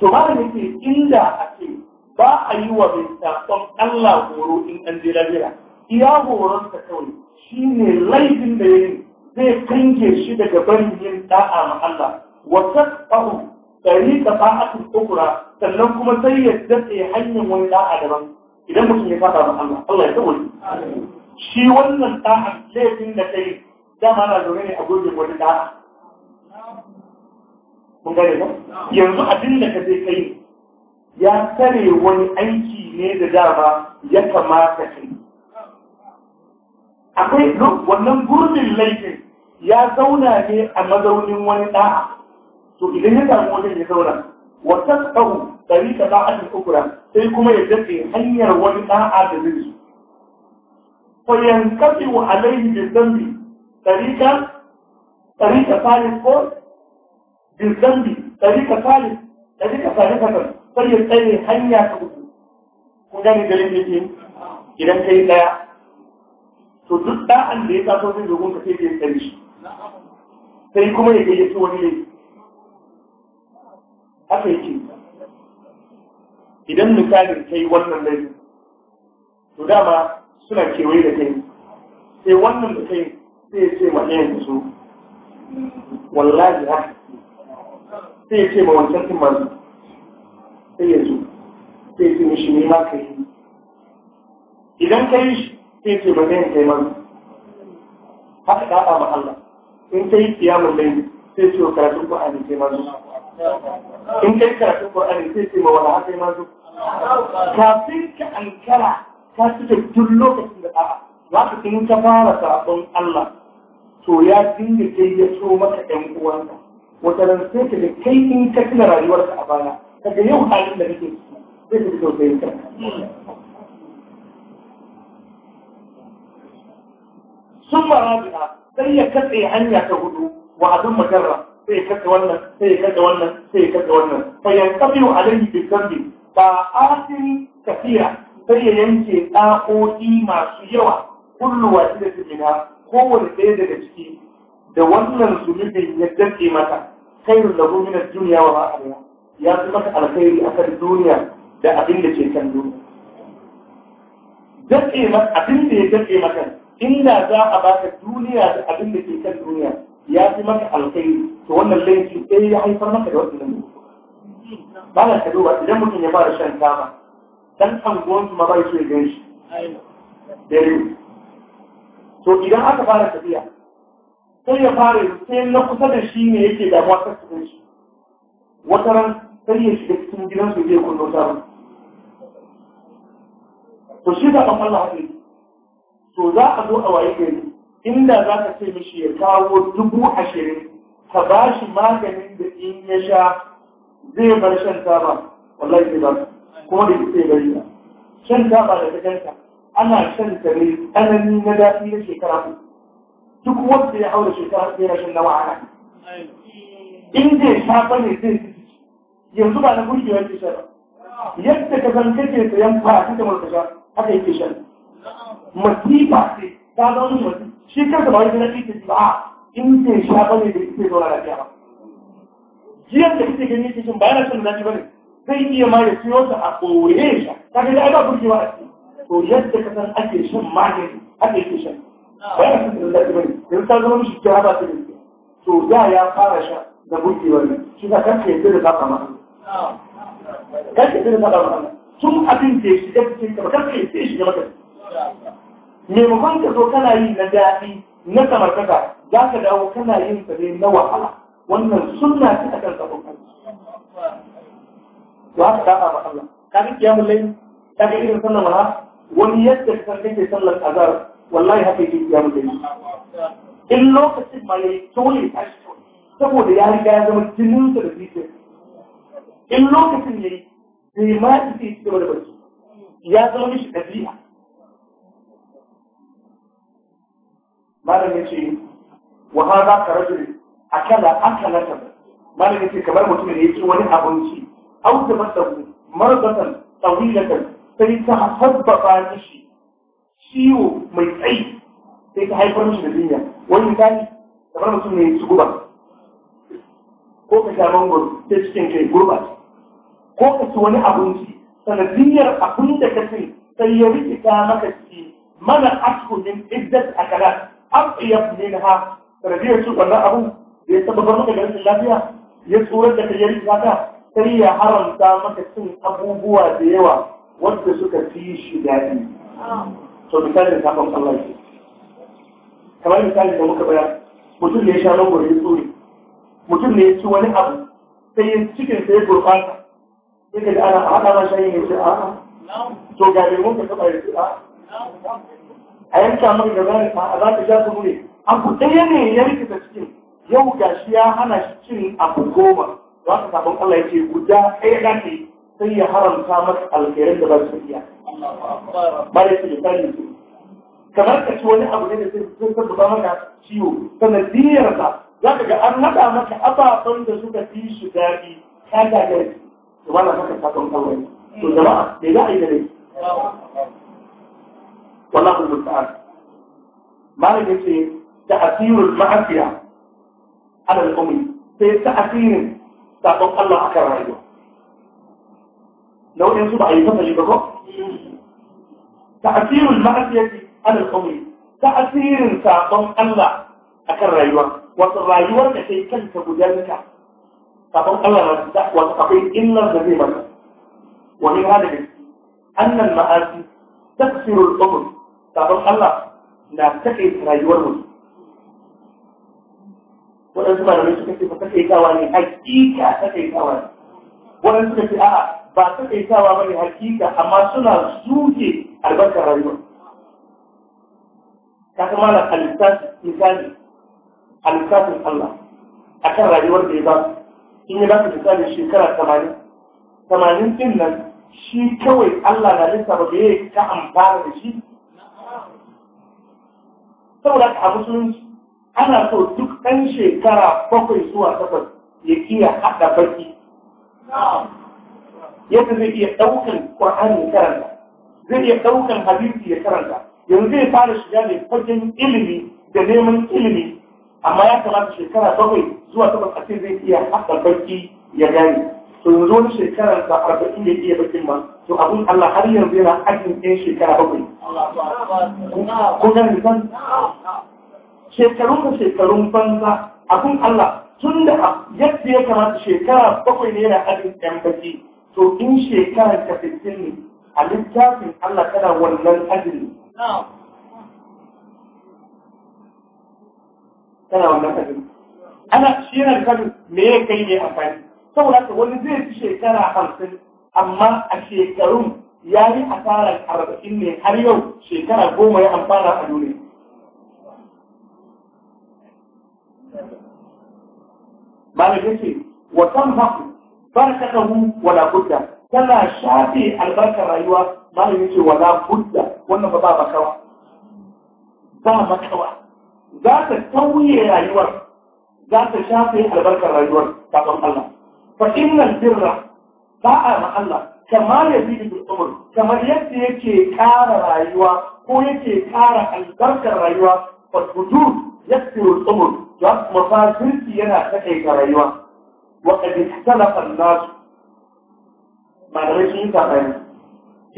to malamin ke inda ake ba a yi wa mai sakon Allah horo in an jira jira. iya horon kawai shi ne laifin da yayi zai kange shi daga barin yin da'a ma Allah wa tasfahu tariqa ta'atul ukra sannan kuma sai ya dace hanyar wani da'a daban idan mutum ya fada ma Allah Allah ya tabbata shi wannan da'a laifin da kai dama na zaune ne a gurbin wani da'a yanzu abin da ka je kai ya tare wani aiki ne da dama ya kamata ka yi akwai wannan gurbin laifin ya zauna ne a mazaunin wani ɗa'a? to idan ya samu wajen ya zauna wata tsawo dari ka ta ukura sai kuma ya dace hanyar wani ɗa'a da zai fa yankafi wa alaihi bi zambi tarika ɗari salis ko بالذنب طريقة ثالث طريقة ثالثة فليتبع هيا تقول وكان جلين جلين إذا كي لا تدد da ليس أصدقائي لغون كثير يتبع sai kuma ya gayyaci wani laifi. haka yake idan misalin ta yi wannan laifin to dama suna kewaye da kai sai wannan da kai sai ce wa ɗayan su wallahi haka sai ya ce ma wancan ɗin manzo sai ya zo sai ya ce mishi ne ma ka yi idan ka yi shi sai ya ce ba zai kai manzo haka ɗaɗa ma Allah in ka yi kiyamun laifi sai ce wa karatun Qur'ani kai manzo in yi karatun Qur'ani sai ce ma wala haka ma manzo kafin ka ankara ka fita duk lokacin da ɗa'a za ka in ka fara sabon Allah to ya dinga ya gayyato maka ɗan uwanka wata ran sai ka da kai in ka tuna rayuwarka a baya daga yau halin da kake ciki zai ka ji tausayin ka ثم biya sai ya katse hanya ta hudu wa abin magarra sai ya katse wannan sai ya katse wannan sai ya katse wannan fa yanqabilu alayhi bi kambi. ba asiri kafira sai ya yanke ɗaƙoƙi masu yawa kullu su minha kowane ɗaya daga ciki da wannan zunubin ya dace mata khairun da min duniya wa ma alaiha ya fi maka alkhairi kan duniya da abin da ke kan duniya dace maka abin da ya dace maka inda za a baka duniya da abin da ke kan duniya ya fi maka alkhairi to wannan laifin ɗaya ya haifar maka da wannan ba na ka duba idan mutum ya fara shan kama dan anguwan su ma ba shi gan shi to idan aka fara tafiya sai ya fara sai na kusa da shi ne yake da wata cikin shi wata ran sai ya shiga cikin gidan su zai kullo ta to shi da ban Allah to za a zo a waye gari inda za ka ce mishi ya kawo dubu ashirin ka ba shi maganin da in ya sha zai bar shan taba wallahi zai ba kuma da ke bari ba shan taba da ta ana shan ne tsanani na daɗi na shekara uku duk wanda ya haura shekara ɗaya rashin na wahala in zai shafa ne zai ji yanzu ba na gurbewa ke shan yadda ka san kake sayan fara ta mulka sha haka yake shan masifa ce ta zama wani masifa shi kansa ba wani zai ke ba in zai shafa ne zai ke zauna lafiya ba jiyar da kake gani kishin shan ba yana shan zafi ba ne zai iya ma ya siyo ta a ɓoye sha ta gani ai ba gurbewa a ciki to yadda ka san ake shan magani haka yake shan wannan cikin ta zama to ya fara sha da wani shi ka tun abin ka maimakon ka zo kana yi na daɗi na samartaka za ka dawo kana yin sa ne na wahala wannan suna ce akan sabon kanci to haka da'a ba Allah ka ga kiyamun lai ka ga irin sallar wani yadda ka san kake sallar azar wallahi haka yake ya mu dai in lokacin ma yayi dole ta shi saboda ya riga ya zama jinin sa da zuciya in lokacin yayi bai ma ji ci gaba da barci ya zama mishi dabi'a malam yace wa hada ka rajul akala ta malam yace kamar mutum ne yake wani abinci au da masa marzatan tawilatan sai ta sabbaba mishi ciwo mai tsayi sai ta haifar mishi da jinya wani misali kamar mutum ne su guba ko ka sha mangoro sai cikin kai gurba ko ka ci wani abinci sanadiyar abin da ka ce sai ya rikita maka ci mana askunin iddat akala afiyaf minha sanadiyar su wannan abin da ya tabbatar maka da rashin lafiya ya tsorar da kai ya rikita ka sai ya haramta maka cin abubuwa da yawa wanda suka fi shi daɗi Sau to misalin sabon Allah ne kamar misalin da muka bayar mutum ne ya sha rogo ya tsore mutum ne ya ci wani abu sai ya cikin sai ya gurɓata sai ka ana a haɗa ma shayi yin sai a'a to ga lemun ka taɓa ya ce a'a a yanka mai da zai sa, a za ka ja su ne abu ɗaya ne ya rikita cikin yau gashi ya hana shi cin abu goma za ka sabon Allah ya ce guda ɗaya ɗan ne sai ya haramta masa alkhairin da ba su iya ba da yake da tsarin kamar ka ci wani abu ne da zai tabbata maka ciwo sanadiyarsa za ka ga an haɗa maka ababen da suka fi shi daɗi ka gagare su ba na maka sakon kawai to jama'a me za a yi da rai wallahu musta'an malam yace da asirul ma'asiya ala al-ummi sai ta asirin sakon Allah akan rayuwa nau'in su ba a yi masa shi ba ko تأثير المعصية على القوي تأثير ساقم الله أكن رأيوة وترأيوة كي كان تبجانك ساقم الله رأيوة وتقفين إلا الزبيبة وهي هذا أن المعاصي تكسر الأمر ساقم الله لا تكيد رأيوة المسلم waɗansu malamai suka ce ba ta kai tawa ne hakika ta kai tawa Wani suka ce a'a ba ta kai sawa bane hakika amma suna zuke albarkar rayuwa ka ta na alisafi misali a Allah rayuwar da ya ba su in ya ba su misali shekara tamanin tamanin din nan shi kawai Allah na lissafa da ya yi ta amfana da shi saboda ka a musulunci ana so duk ɗan shekara bakwai zuwa takwas ya iya haɗa baki yadda zai iya ɗaukan ƙwa'ani karanta zai iya ɗaukan hadisi ya karanta yanzu zai fara shiga ne fagen ilimi da neman ilimi amma ya kamata shekara bakwai zuwa takwas a ce zai iya haɗa barki ya gane to yanzu wani shekarar da arba'in da iya bakin ma to abun Allah har yanzu yana ajin ɗaya shekara bakwai ko shekarun da shekarun banza abun Allah tun da yadda ya kamata shekara bakwai ne yana ajin yan baki to in shekarar ta fitin ne a littafin Allah kana wannan ajin kana wannan ajin ana shi yana kan me ya kai ne amfani saboda ka wani zai ci shekara hamsin amma a shekarun ya yi asarar arba'in ne har yau shekara goma ya amfana a duniya ya ce wa tanhaqu barakatahu wala budda tana shafe albarkar rayuwa malamin ce wala budda wannan ba ba makawa ba makawa za ta tauye rayuwar za ta shafe albarkar rayuwar kafin Allah fa innal birra ba'a ma Allah kamar ya fi umur kamar yadda yake ƙara rayuwa ko yake ƙara albarkar rayuwa fa tudu yasiru umur don mafafirci yana taƙaita rayuwa waƙadi talafan nasu da sun yi shi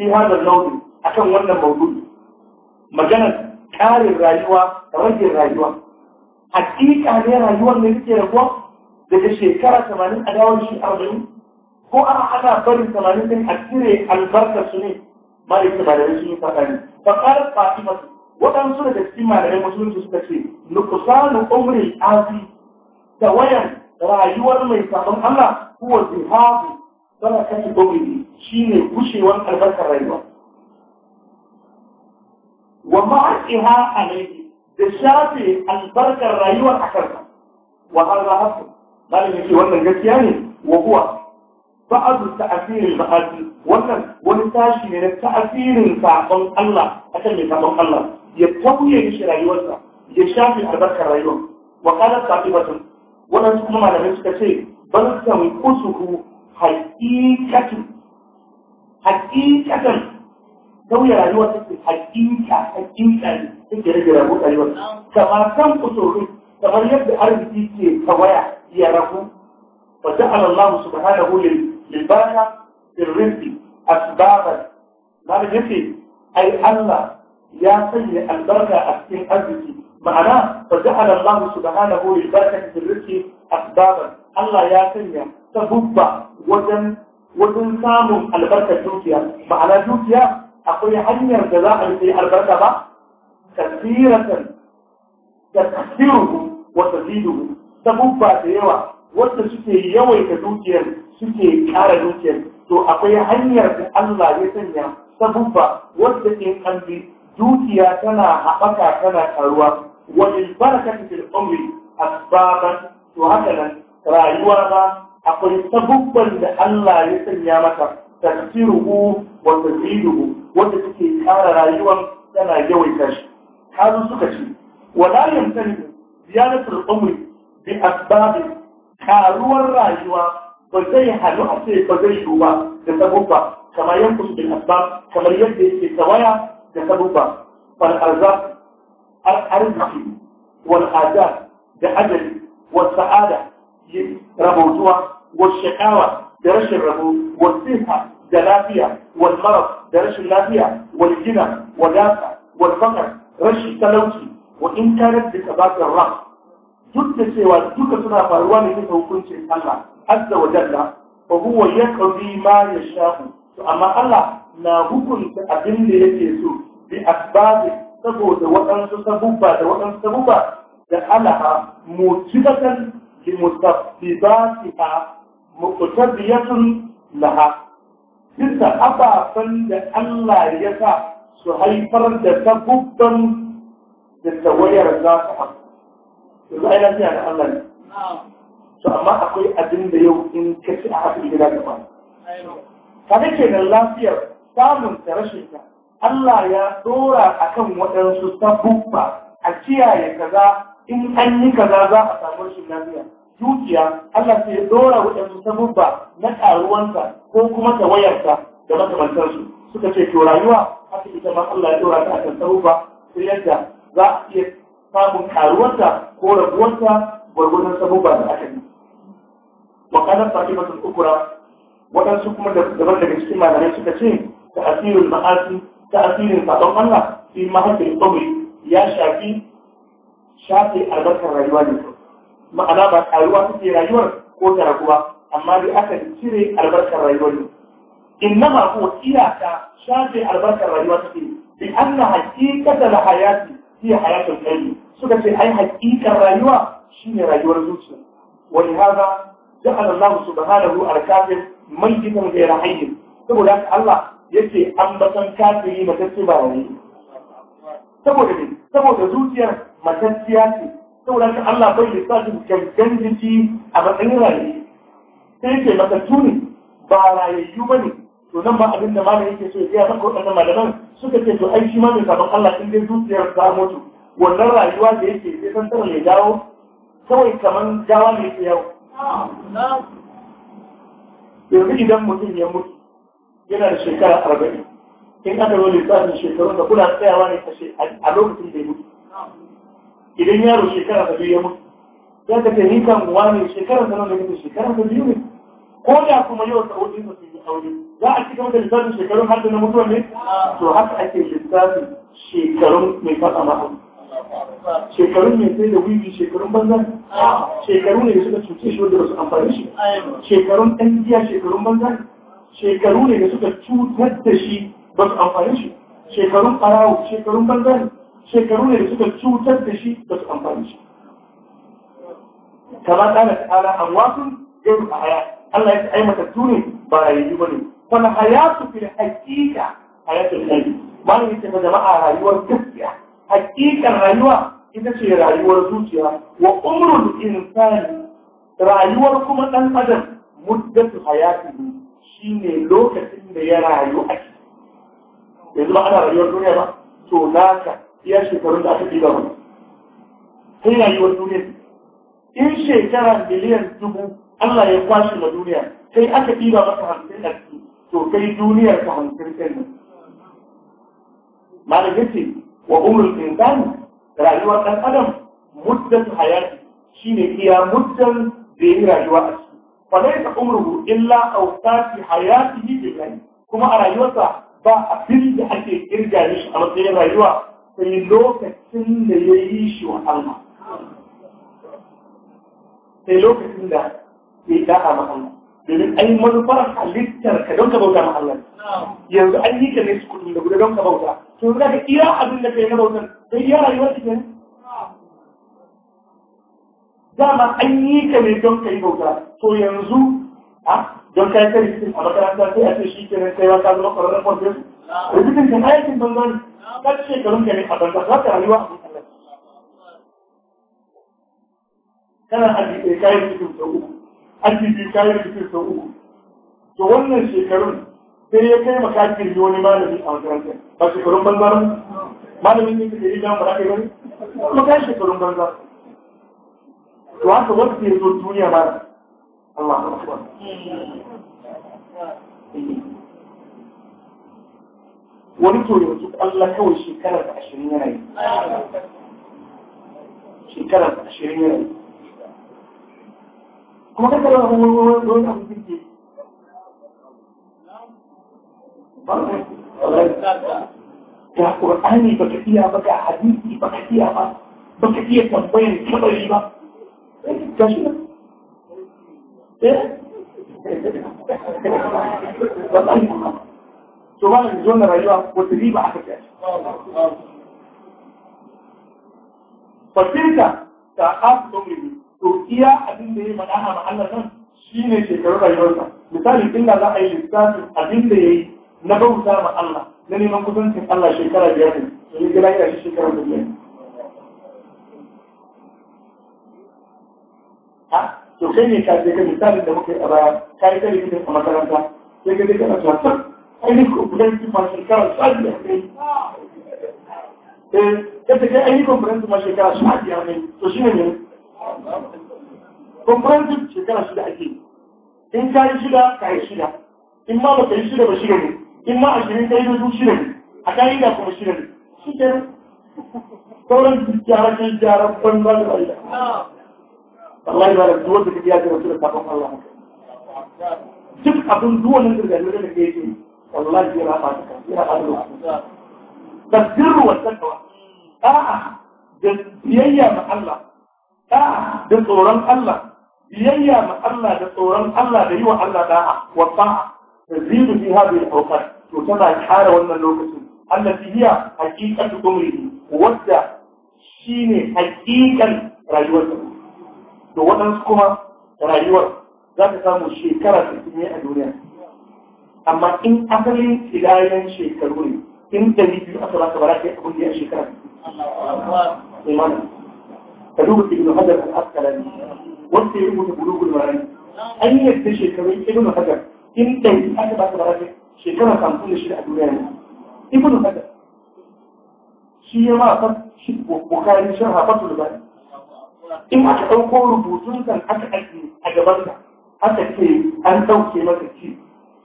fi hada nau'in akan wannan maudu'i maganar ƙarin rayuwa da rage rayuwa hakika ne rayuwar ne take rabuwa daga shekara tamanin a dawon shi arba'in ko ana ana barin tamanin din a cire albarkar su ne ba da sun yi saɓani fa ƙarar fatimatu waɗansu daga cikin malamai musulunci suka ce nuqsanu umri asi da wayan rayuwar mai sabon Allah huwa zihabu sana kashi umri shine gushewar albarkar rayuwa wa ma'iha alayhi da shafe albarkar rayuwar a kansa wa hadha hasu malamin yake wannan gaskiya ne wa huwa ba'd ta'thir al wannan wani tashi ne na ta'asirin sabon Allah akan mai sabon Allah ya tauye mishi rayuwarsa ya shafi albarkar rayuwar wa kala sa'ibatun waɗansu kuma malamai suka ce bal san usuhu haqiqatan haqiqatan tauye rayuwar ta ce haƙiƙa ne take rage rayuwar rayuwar kamar san usuhu kamar yadda arziki ke tawaya ya ragu wa ja'ala Allah subhanahu lil baraka fil rizqi asbaban malamai yace ai Allah ya sanya albarka a cikin arziki ma'ana fa ja'ala subahana subhanahu lil barakati fil rizqi asbaban Allah ya sanya sabubba wajen wajen samun albarkar dukiya ma'ana dukiya akwai hanyar da za a yi albarka ba kasiratan tasiruhu wa taziduhu sabubba da yawa wanda suke yawaita dukiyar suke kara dukiyar to akwai hanyar da Allah ya sanya sabubba wanda in an bi dukiya tana haɓaka tana karuwa wani baraka fil umri asbaban to haka nan rayuwa ba akwai sabubban da Allah ya sanya mata tafsiruhu wa taziduhu wanda suke kara rayuwar tana yawaita shi kazu suka ce wala yamtani ziyaratul umri bi asbabi karuwar rayuwa ba zai hannu a ce ba zai duba da sabubba kamar yankun bil asbab kamar yadda yake tawaya da sabubba fal'arza al'arziki wal'ada da ajali والسعادة ربوتها والشقاوة درش الربو والصحة دلافية والمرض درش اللافية والجنى ودافع والفقر رش التلوثي وإن كانت بسبب الرحم جد سوى جد سنة فاروان لنه كنت الله عز وجل وهو يقضي ما يشاء أما الله na hukunta abin da yake so bi asbabi saboda waɗansu sabubba da waɗansu sabubba da alaha mujibatan li musabbibatiha muqtabiyatun laha bisa ababan da Allah ya sa su haifar da sabubban da tawayar za su haɗu. Yanzu ai lafiya da Allah ne. To amma akwai abin da yau in ka ci a haka gida gaba. ke kenan lafiyar samun ta rashin ta. Allah ya a kan waɗansu sabubba a kiyaye kaza in an yi kaza za a samu rashin lafiya dukiya Allah sai ya dora waɗansu sabubba na ƙaruwansa ko kuma ta tawayarsa da makamantarsu suka ce to rayuwa haka ita ma Allah ya dora ta akan sabubba sai yadda za a iya samun ƙaruwarta ko rabuwarta gwargwadon sabubba da aka yi wa kana fa'imatul ukra waɗansu kuma daban daga cikin malamai suka ce ta asirin ma'asi tasirin sabon Allah fi mahaifin kwamri ya shafi shafe albarkar rayuwa ne ma'ana ba karuwa suke rayuwar ko ta raguwa amma dai aka cire albarkar rayuwar ne innama ko iyaka shafe albarkar rayuwa suke bi anna hakikata la hayati hiya hayatul qalbi suka ce ai haqiqar rayuwa shine rayuwar zuciya wa lihada ja'ala Allah subhanahu al-kafir mayyitan ghayra hayyin saboda Allah yake ambatan kafiri matacce ba wani saboda ne saboda zuciyar matacciya ce saboda ka Allah bai lissafin gangan jiki a matsayin rayu sai yake matattu ne ba rayayyu ba ne to nan ba abin da malam yake so ya gaya maka waɗannan malaman suka ce to ai shi ma mai sabon Allah in dai zuciyar ta mutu wannan rayuwa da yake sai san tara mai dawo kawai kamar dawa mai tsayawa yanzu idan mutum ya mutu yana da shekara arba'in in aka zo lissafin shekarun da kuna tsayawa ne a lokacin da ya mutu idan yaro shekara da biyu ya mutu za ka ce ni kan wani shekara da nan da kake shekara da biyu ne ko da kuma yau ta wajen da sun yi aure za a cika mata lissafin shekarun har da na mutuwa ne to haka ake lissafin shekarun mai fasa ma'a shekarun ne sai da wiwi shekarun banza shekaru ne da suka cuce shi wanda ba su amfani shi shekarun ɗan giya, shekarun banza ne. shekaru ne da suka cutar da shi ba su amfani shi shekarun ɓarawo shekarun banzani shekaru ne da suka cutar da shi ba su amfani shi kama ɗana ta'ala an wasu gairu a haya Allah ya ta'ai matattu ne ba rayayyu ba ne fana hayatu fil hakika hayatul nabi malam yace ma jama'a rayuwar gaskiya hakikan rayuwa ita ce rayuwar zuciya wa umrul insani rayuwar kuma ɗan adam muddatu hayatihi Shi ne lokacin da ya rayu a ciki yanzu ba ana rayuwar duniya ba to naka iya shekarun da aka fi ba? sai rayuwar duniya in shekara miliyan dubu Allah ya kwashe da duniya sai aka ɗiba masa hamsin a ciki to kai duniyar ka hamsin ɗin nan malamin ce wa umrul insani rayuwar ɗan adam muddan hayati shine iya muddan da yi rayuwa a ciki فليس عمره إلا أوقات حياته بالغيب كما أرايوتا با أبين da ake kirga shi a matsayin rayuwa sai lokacin da ya yi shi wa sai lokacin da ya yi da'a ma Allah domin ai manufar halittar ka don bauta ma Allah yanzu yi ka su kudin da gudu don bauta to kai iya dama an yi ka ne don kai bauta to yanzu a don kai kare cikin a makaranta sai a ce shi ke nan kai wata zama kwararren kwarfe su rubutun kan aikin banza ne ka ce shekarun ka ne a banza za ka rayuwa a mutum kana ajiye kayan cikin sau uku ajiye kayan cikin sau uku to wannan shekarun sai ya kai maka kirji wani malami a makarantar ba shekarun banza ba malamin ne ka ke yi jan ba za ka yi ne kuma kai shekarun banza to haka wanda ya zo duniya ma Allah akbar wani to yanzu Allah kawai shekarar da ashirin yana yi shekarar da ashirin yana yi kuma kakar wani wani wani abu zirge ga ƙur'ani baka iya ba ga hadisi ka iya ba ba ka iya tambayar kabari ba ga shi nan eh? to ba na zuwa rayuwa wata riba aka ce fasilka ta hafi mai. to iya abin da ya mana a ma'allar nan shi ne shekarun rayuwarsa misali inda za a yi lissafin abin da ya yi na bauta ma'anar. na neman kusancin Allah shekara biyar ne to ni gina ya shi shekara biyar ha to sai ne ka je ka misalin da muke a baya ka yi kare gidan a makaranta sai ka je ka kana tuwatar ainihin kudanci ma shekara shaɗi a kai eh ka ta kai ainihin kudanci ma shekara shaɗi a kai to shi ne kumfurancin shekara shida ake in ka yi shida ka yi shida in ma ba ka yi shida ba shida ne in ma ashirin ka yi da duk shida ne a ka'ida kuma shida ne shi ke sauran gyara ke gyara banza da rayuwa wallahi ba duk wanda kake ya ce rasul sabon Allah duk abin duk wannan da gani da kake yi wallahi ya rafa ka ya rafa tasirru wa taqwa a'a da biyayya ma Allah a'a da tsoron Allah biyayya ma Allah da tsoron Allah da yi wa Allah da'a wa ta'a tazidu fi hadhihi al-awqat to tana kare wannan lokacin allati hiya haqiqatu umri wadda shine haqiqan rayuwarsa to waɗansu kuma rayuwar za ka samu shekara sittin ne a duniya amma in asalin kidayen shekaru ne in ɗari biyu aka baka bara kai abin da ya shekara ka duba ibnu hajar al-asqalani wanda ya rubuta bulugul marani an yi yadda shekarun ibnu hajar in ɗari aka baka bara kai shekara hamsin da shi a duniya ne ibnu hajar shi ya ma fa shi bukari sharha fatul bari in aka ɗauko rubutun kan aka aiki a gaban ka aka ce an ɗauke maka ci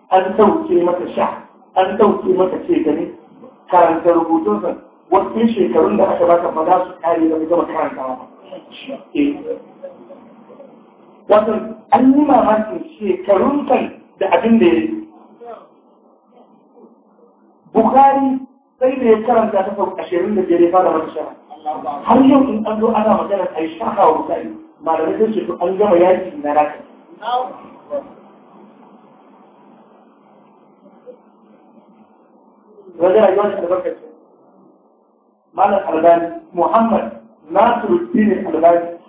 an ɗauke maka sha an ɗauke maka ce gani karanta rubutun kan wasu shekarun da aka baka ba za su kare da gama karanta ba eh. wato an yi mamakin shekarun kan da abin da ya yi Bukhari sai da ya karanta ta sau ashirin da biyar ya fara wata shara. har yau in an zo ana magana a yi shaka wa mutane malamai sun ce to an gama yaki na raka wajen rayuwar da barkacin malam albani muhammad nasiru dinin albani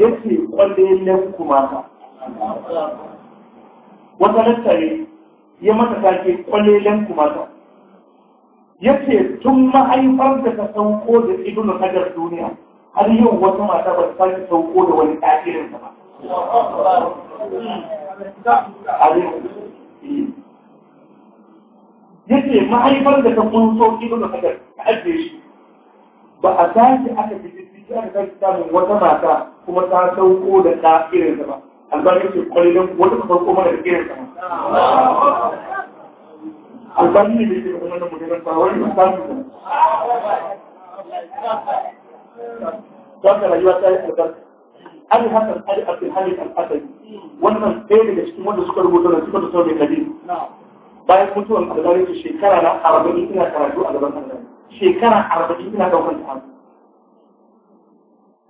ya ce kwalle na kumata wata lantarki ya mata sake kwalle na kumata Ya ce tun mahaifar da ta sauko da ibnu hajar duniya har yau wata mata ba ta sake sauko da wani ɗakirin ba ya ce mahaifar da ta kunso ibnu hajar ta ajiye shi ba a sake aka jijjiji aka sake samun wata mata kuma ta sauko da ɗakirin ba Albarkacin ce kwallon wata ta sauko mana da irin ba. albanni da yake da wannan mutum ba wani ba ta su ta rayuwa ta yi albarka Ali Hassan Ali Abdul Al-Asadi wannan ɗaya daga cikin wanda suka rubuta da suka tsoro da kadir bayan mutuwan albarin su shekara na arba'in ina karatu a gaban Allah shekara arba'in ina daukan ta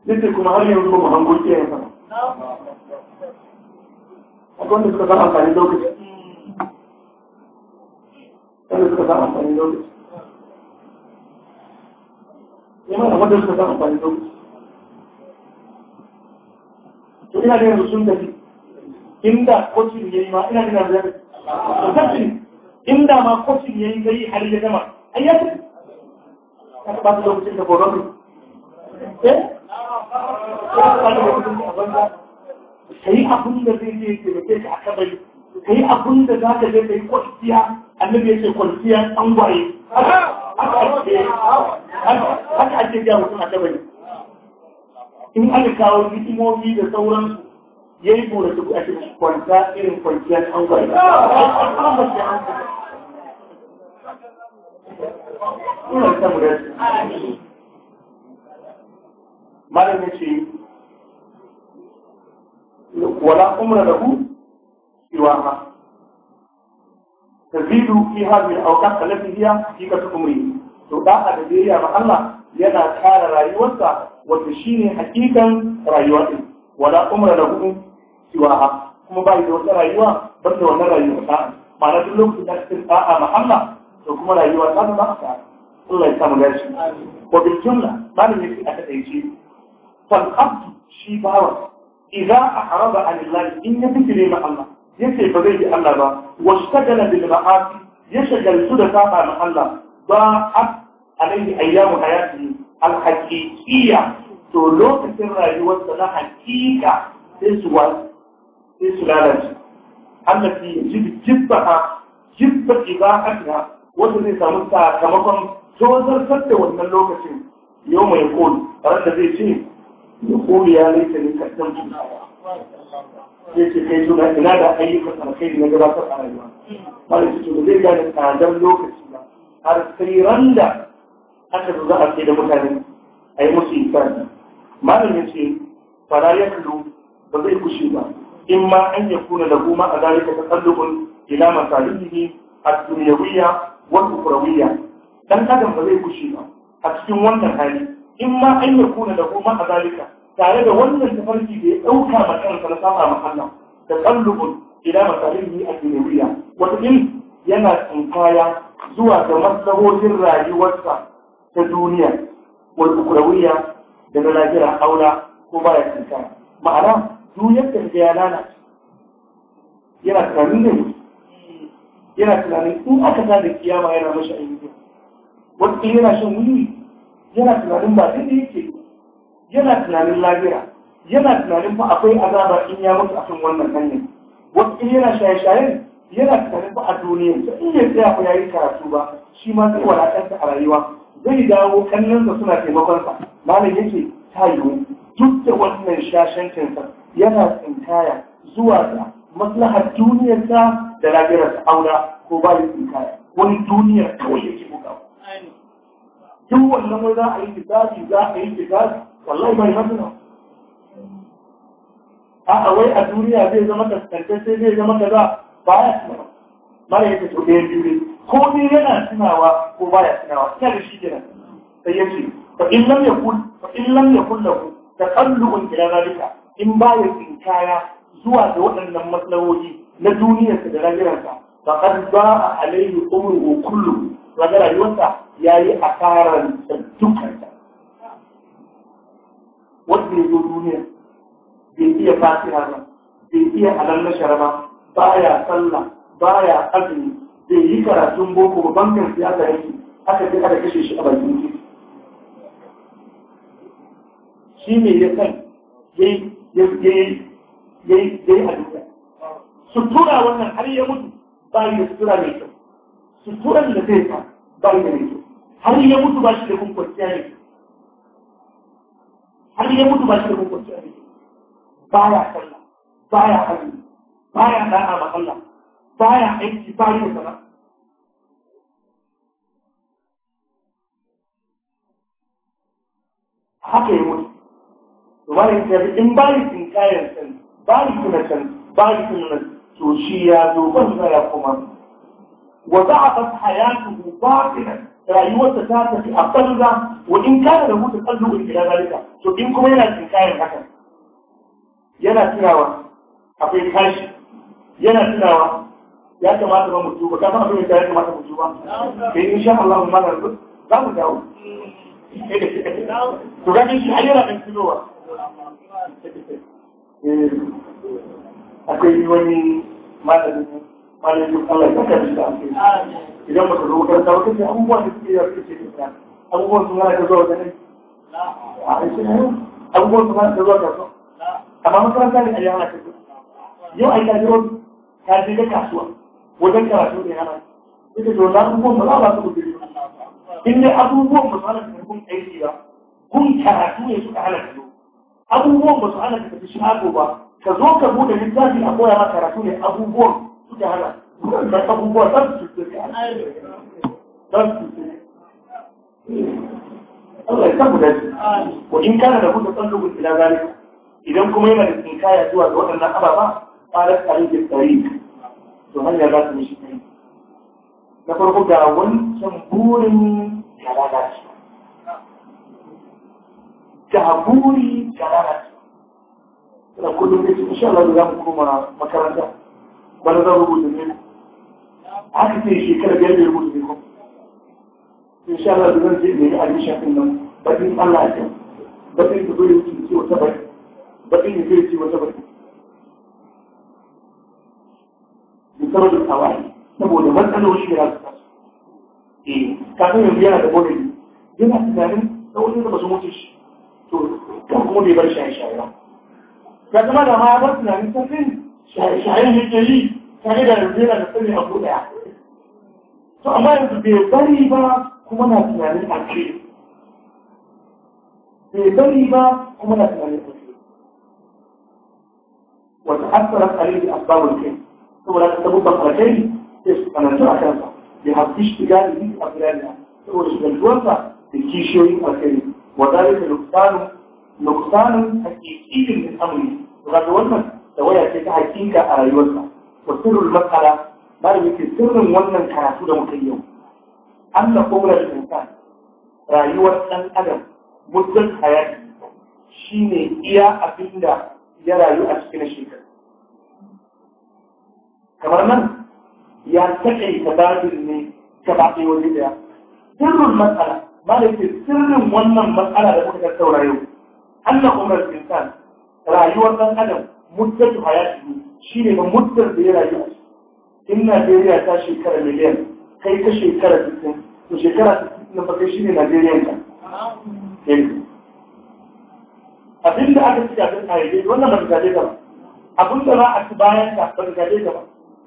Nake kuma har yanzu ba mu hango kiyaye ba. Akwai wanda suka san amfani lokaci wanda suka da ina da yanzu sun tafi inda kocin ya yi ma ina da yanzu ya tafi inda ma kocin ya yi gari hali ya gama ai ya tafi ka ta lokacin da boron eh ka taɓa ta lokacin da banza ka yi abin da zai je ke da ke a ka yi abin da za ka je ka yi kwanciya annabi ya ce kwanciya gwaye haka ake gaya mutum a tabari in aka kawo hikimomi da sauransu ya yi bura su a cikin kwanta irin kwanciya tsangwaye Malam ya ce, wala umra da ku cewa ba ta zidu fi hajji a wata kalafiya fi kasu umri da a da jiriya ba Allah yana tsara rayuwarsa wata shi ne hakikan rayuwar ɗin wata umar da hudu cewa kuma bayan da wata rayuwa ba ta wata rayuwa ta ma lokacin da cikin sa'a ma Allah to kuma rayuwa ta zama ta tsallai samun yashi ko bin jimla ba da yake a kaɗai ce sanƙafi shi bawa idan a haraba a lillahi in ya fi fi nema yake ba zai yi Allah ba shagala bil ma'asi ya shagaltu da saba ma Allah ba a alaihi ayyamu hayati al haqiqiyya to lokacin rayuwar sa na hakika sai su wa sai lalace Allah ki jib jibba ibahatiha wanda zai samu sakamakon tozartar da wannan lokacin yau mai kol ran da zai ce ya koli ya laita ne kasan tunawa ya ce kai suna ina da ayyukan alkhairi na gabatar a rayuwa malam cikin ba zai gane tsadar lokaci ba har sai randa aka zo za a ce da mutane a yi musu isani malam ya ce fara ya kallo ba zai kushe ba in ma an yi kuna da goma a zalika ta kallubun ila masalihihi a duniyawiya wa ukrawiyya dan adam ba zai kushe ba a cikin wannan hali in ma an yi kuna da goma a zalika tare da wannan tafarki da ya ɗauka ma kansa na sama ma Allah da kallubun ila yi a duniya wata in yana tsinkaya zuwa ga maslahohin rayuwarsa ta duniya wani ukrawiya da na lafiya aula ko baya tsinkaya ma'ana duniyar da ya lalace yana tunanin ne yana tunanin in aka ta da kiyama yana mashi ayyuka wata yana shan wuri yana tunanin ba duk yake yana tunanin lafiya yana tunanin fa akwai azaba in ya mutu akan wannan hanyar wasu yana shaye-shaye yana tunanin fa a duniya to in ya tsaya ko yayi karatu ba shi ma zai walakanta a rayuwa zai dawo kannansa suna taimakonsa malam yake ta yiwu duk da wannan shashancinsa yana tsinkaya zuwa ga maslahar duniyarsa da lafiyarsa aura ko ba ya tsinkaya wani duniyar kawai yake buga duk wannan wani za a yi kitabi za a yi kitabi wallahi bai mazuna a wai a duniya zai zama kaskance sai zai zama za. ba ya ba, mara yake to ɗaya biyu ne ko ne yana tunawa ko ba ya tunawa ina da shi kenan sai ya ce fa in lam yakul ku. in lam yakul ila zalika in ba ya tsinkaya zuwa ga waɗannan maslahohi na duniyarsa da rayuwarsa faqad ba'a alayhi umruhu kullu wa rayuwarsa yayi asaran dukkan wanda ya zo duniya bai iya fatiha ba bai iya halalla sharaba baya sallah baya azumi bai yi karatun boko ba bankan siyasa yake aka je aka kashe shi a bakin titi shi ne ya san yayi yayi yayi yayi a sutura wannan har ya mutu yi da sutura mai kyau suturan da zai sa yi da mai kyau har ya mutu ba shi da kun kwanciya ne har ya mutu ba shi da hukunci a baya sallah baya azumi baya da'a ma Allah baya aiki ba baya sana'a haka ya mutu wani tafi in ba bayi sun kayan can bayi suna can bayi suna nan to shi ya zo ban ya kuma wa a a ya hayatu ba nan rayuwarsa ta tafi a banza wa in kana da mutu kallo in ila zalika to in kuma yana cin kayan hakan yana tunawa akwai kashi yana tunawa ya kamata mu tuba ka san abin da ya kamata mu tuba sai in insha Allah mun mana rubu za mu dawo to ga shi ayi ra kan tunowa eh, akwai wani malamin malamin Allah ya kasance idan ba ta zo makaranta ba kace abubuwa da suke yawa kace ta abubuwan su mana ta zuwa wajen a ishe ne abubuwan su mana ta zuwa kasuwa amma makaranta ne a yana ta zuwa yau ai ka je ta je ka kasuwa wajen karatu ne yana ita to na abubuwan ba za ba su gudu in dai abubuwan ba su hana ka kun aiki ba kun karatu ne suka hana ka zo abubuwan ba su hana ka tafi shago ba ka zo ka bude littafi a koya ma karatu ne abubuwan suka hana da Allah ya da kuka san idan kuma yana da tsinkaya zuwa ga waɗannan ababa qalat da tariq to za su mishi na farko ga wancan burin ga buri ya lalace da kullum insha Allah za mu koma makaranta zan rubuta ne عكس الشكل بيد المسلمين ان شاء الله بننزل من اي شكل بدين الله اكبر بدين تقول تنسي وتبعي بدين تنسي وتبعي بسبب القواعد saboda matsalar shi ya zuwa eh kafin yanzu yana da modali yana tunanin ɗaukin da ba su mutu shi to kan kuma bai bar shaye-shaye ba ga zama da ma ya bar tunanin sassin shaye-shayen yake yi tare da yanzu yana da sani a ɗaya to amma yanzu bai bari ba kuma na tunanin ake bai bari ba kuma na tunanin ake wata asarar alaihi asbabul kai saboda ta sabubban alkai sai su kanantu a kansa bai hafi shiga da yi a birane saboda shigantuwarsa da kishiyoyin alkai وذلك نقصان نقصان حقيقي من امره وقد wannan da waya ce ta hakika a rayuwarsa wasu sirrul mas'ala malam yake sirrin wannan karatu da muka yau Allah kowar insan rayuwar ɗan adam muddin hayati ne iya abin da ya rayu a cikin shekaru kamar nan ya taɓa taƙaita babin ne gaba ɗaya waje ɗaya sirrin matsala malam yake sirrin wannan matsala da muka tattaura yau Allah kowar insan rayuwar ɗan adam muddin hayati ne ba muddin da ya rayu a cikin in Najeriya ta shekara miliyan kai ta shekara 60 to shekara 60 na bakai shi ne Najeriya ka. Abin da aka ci kafin a yi wannan ba gaje ka ba. Abin da a ci bayan ka ba gaje ka ba.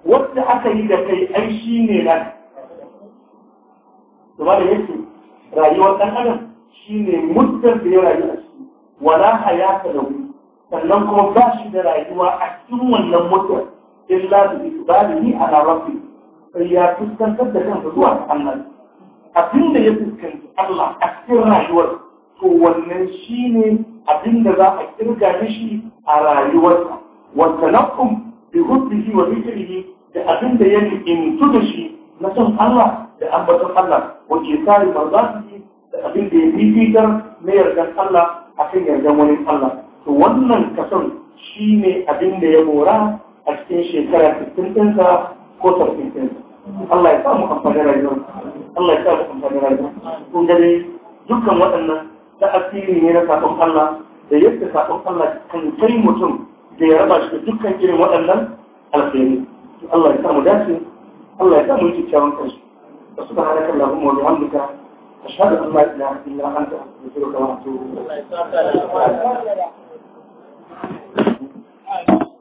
Wanda aka yi da kai ai shi ne na. ba da yake rayuwar ɗan adam shi ne muddar da ya rayu a ciki. Wala hayata da wuri. Sannan kuma ba shi da rayuwa a cikin wannan mutuwar. illa bi ikbalihi ala rabbi sai ya fuskantar da kansa zuwa Allah abin da ya fuskanci Allah a cikin rayuwar to wannan shine abin da za a kirga shi a rayuwarsa wa talaqqum bi hubbihi wa dhikrihi da abin da ya nimtu da shi na son Allah da ambaton Allah wa kisari marzatihi da abin da ya fifitar na yardan Allah akan yardan wani Allah to wannan kasan shine abin da ya mora a cikin shekara 60 ɗinsa ko 70 ɗinsa Allah ya sa mu amfani rayuwar Allah ya sa mu amfani rayuwar kun gani dukkan waɗannan ta asiri ne na sabon Allah da yadda sabon Allah kan kai mutum da ya raba shi da dukkan irin waɗannan alkhairi Allah ya sa mu dace Allah ya sa mu yi kyakkyawan kansu سبحانك اللهم وبحمدك أشهد أن لا إله إلا أنت أستغفرك وأتوب إليك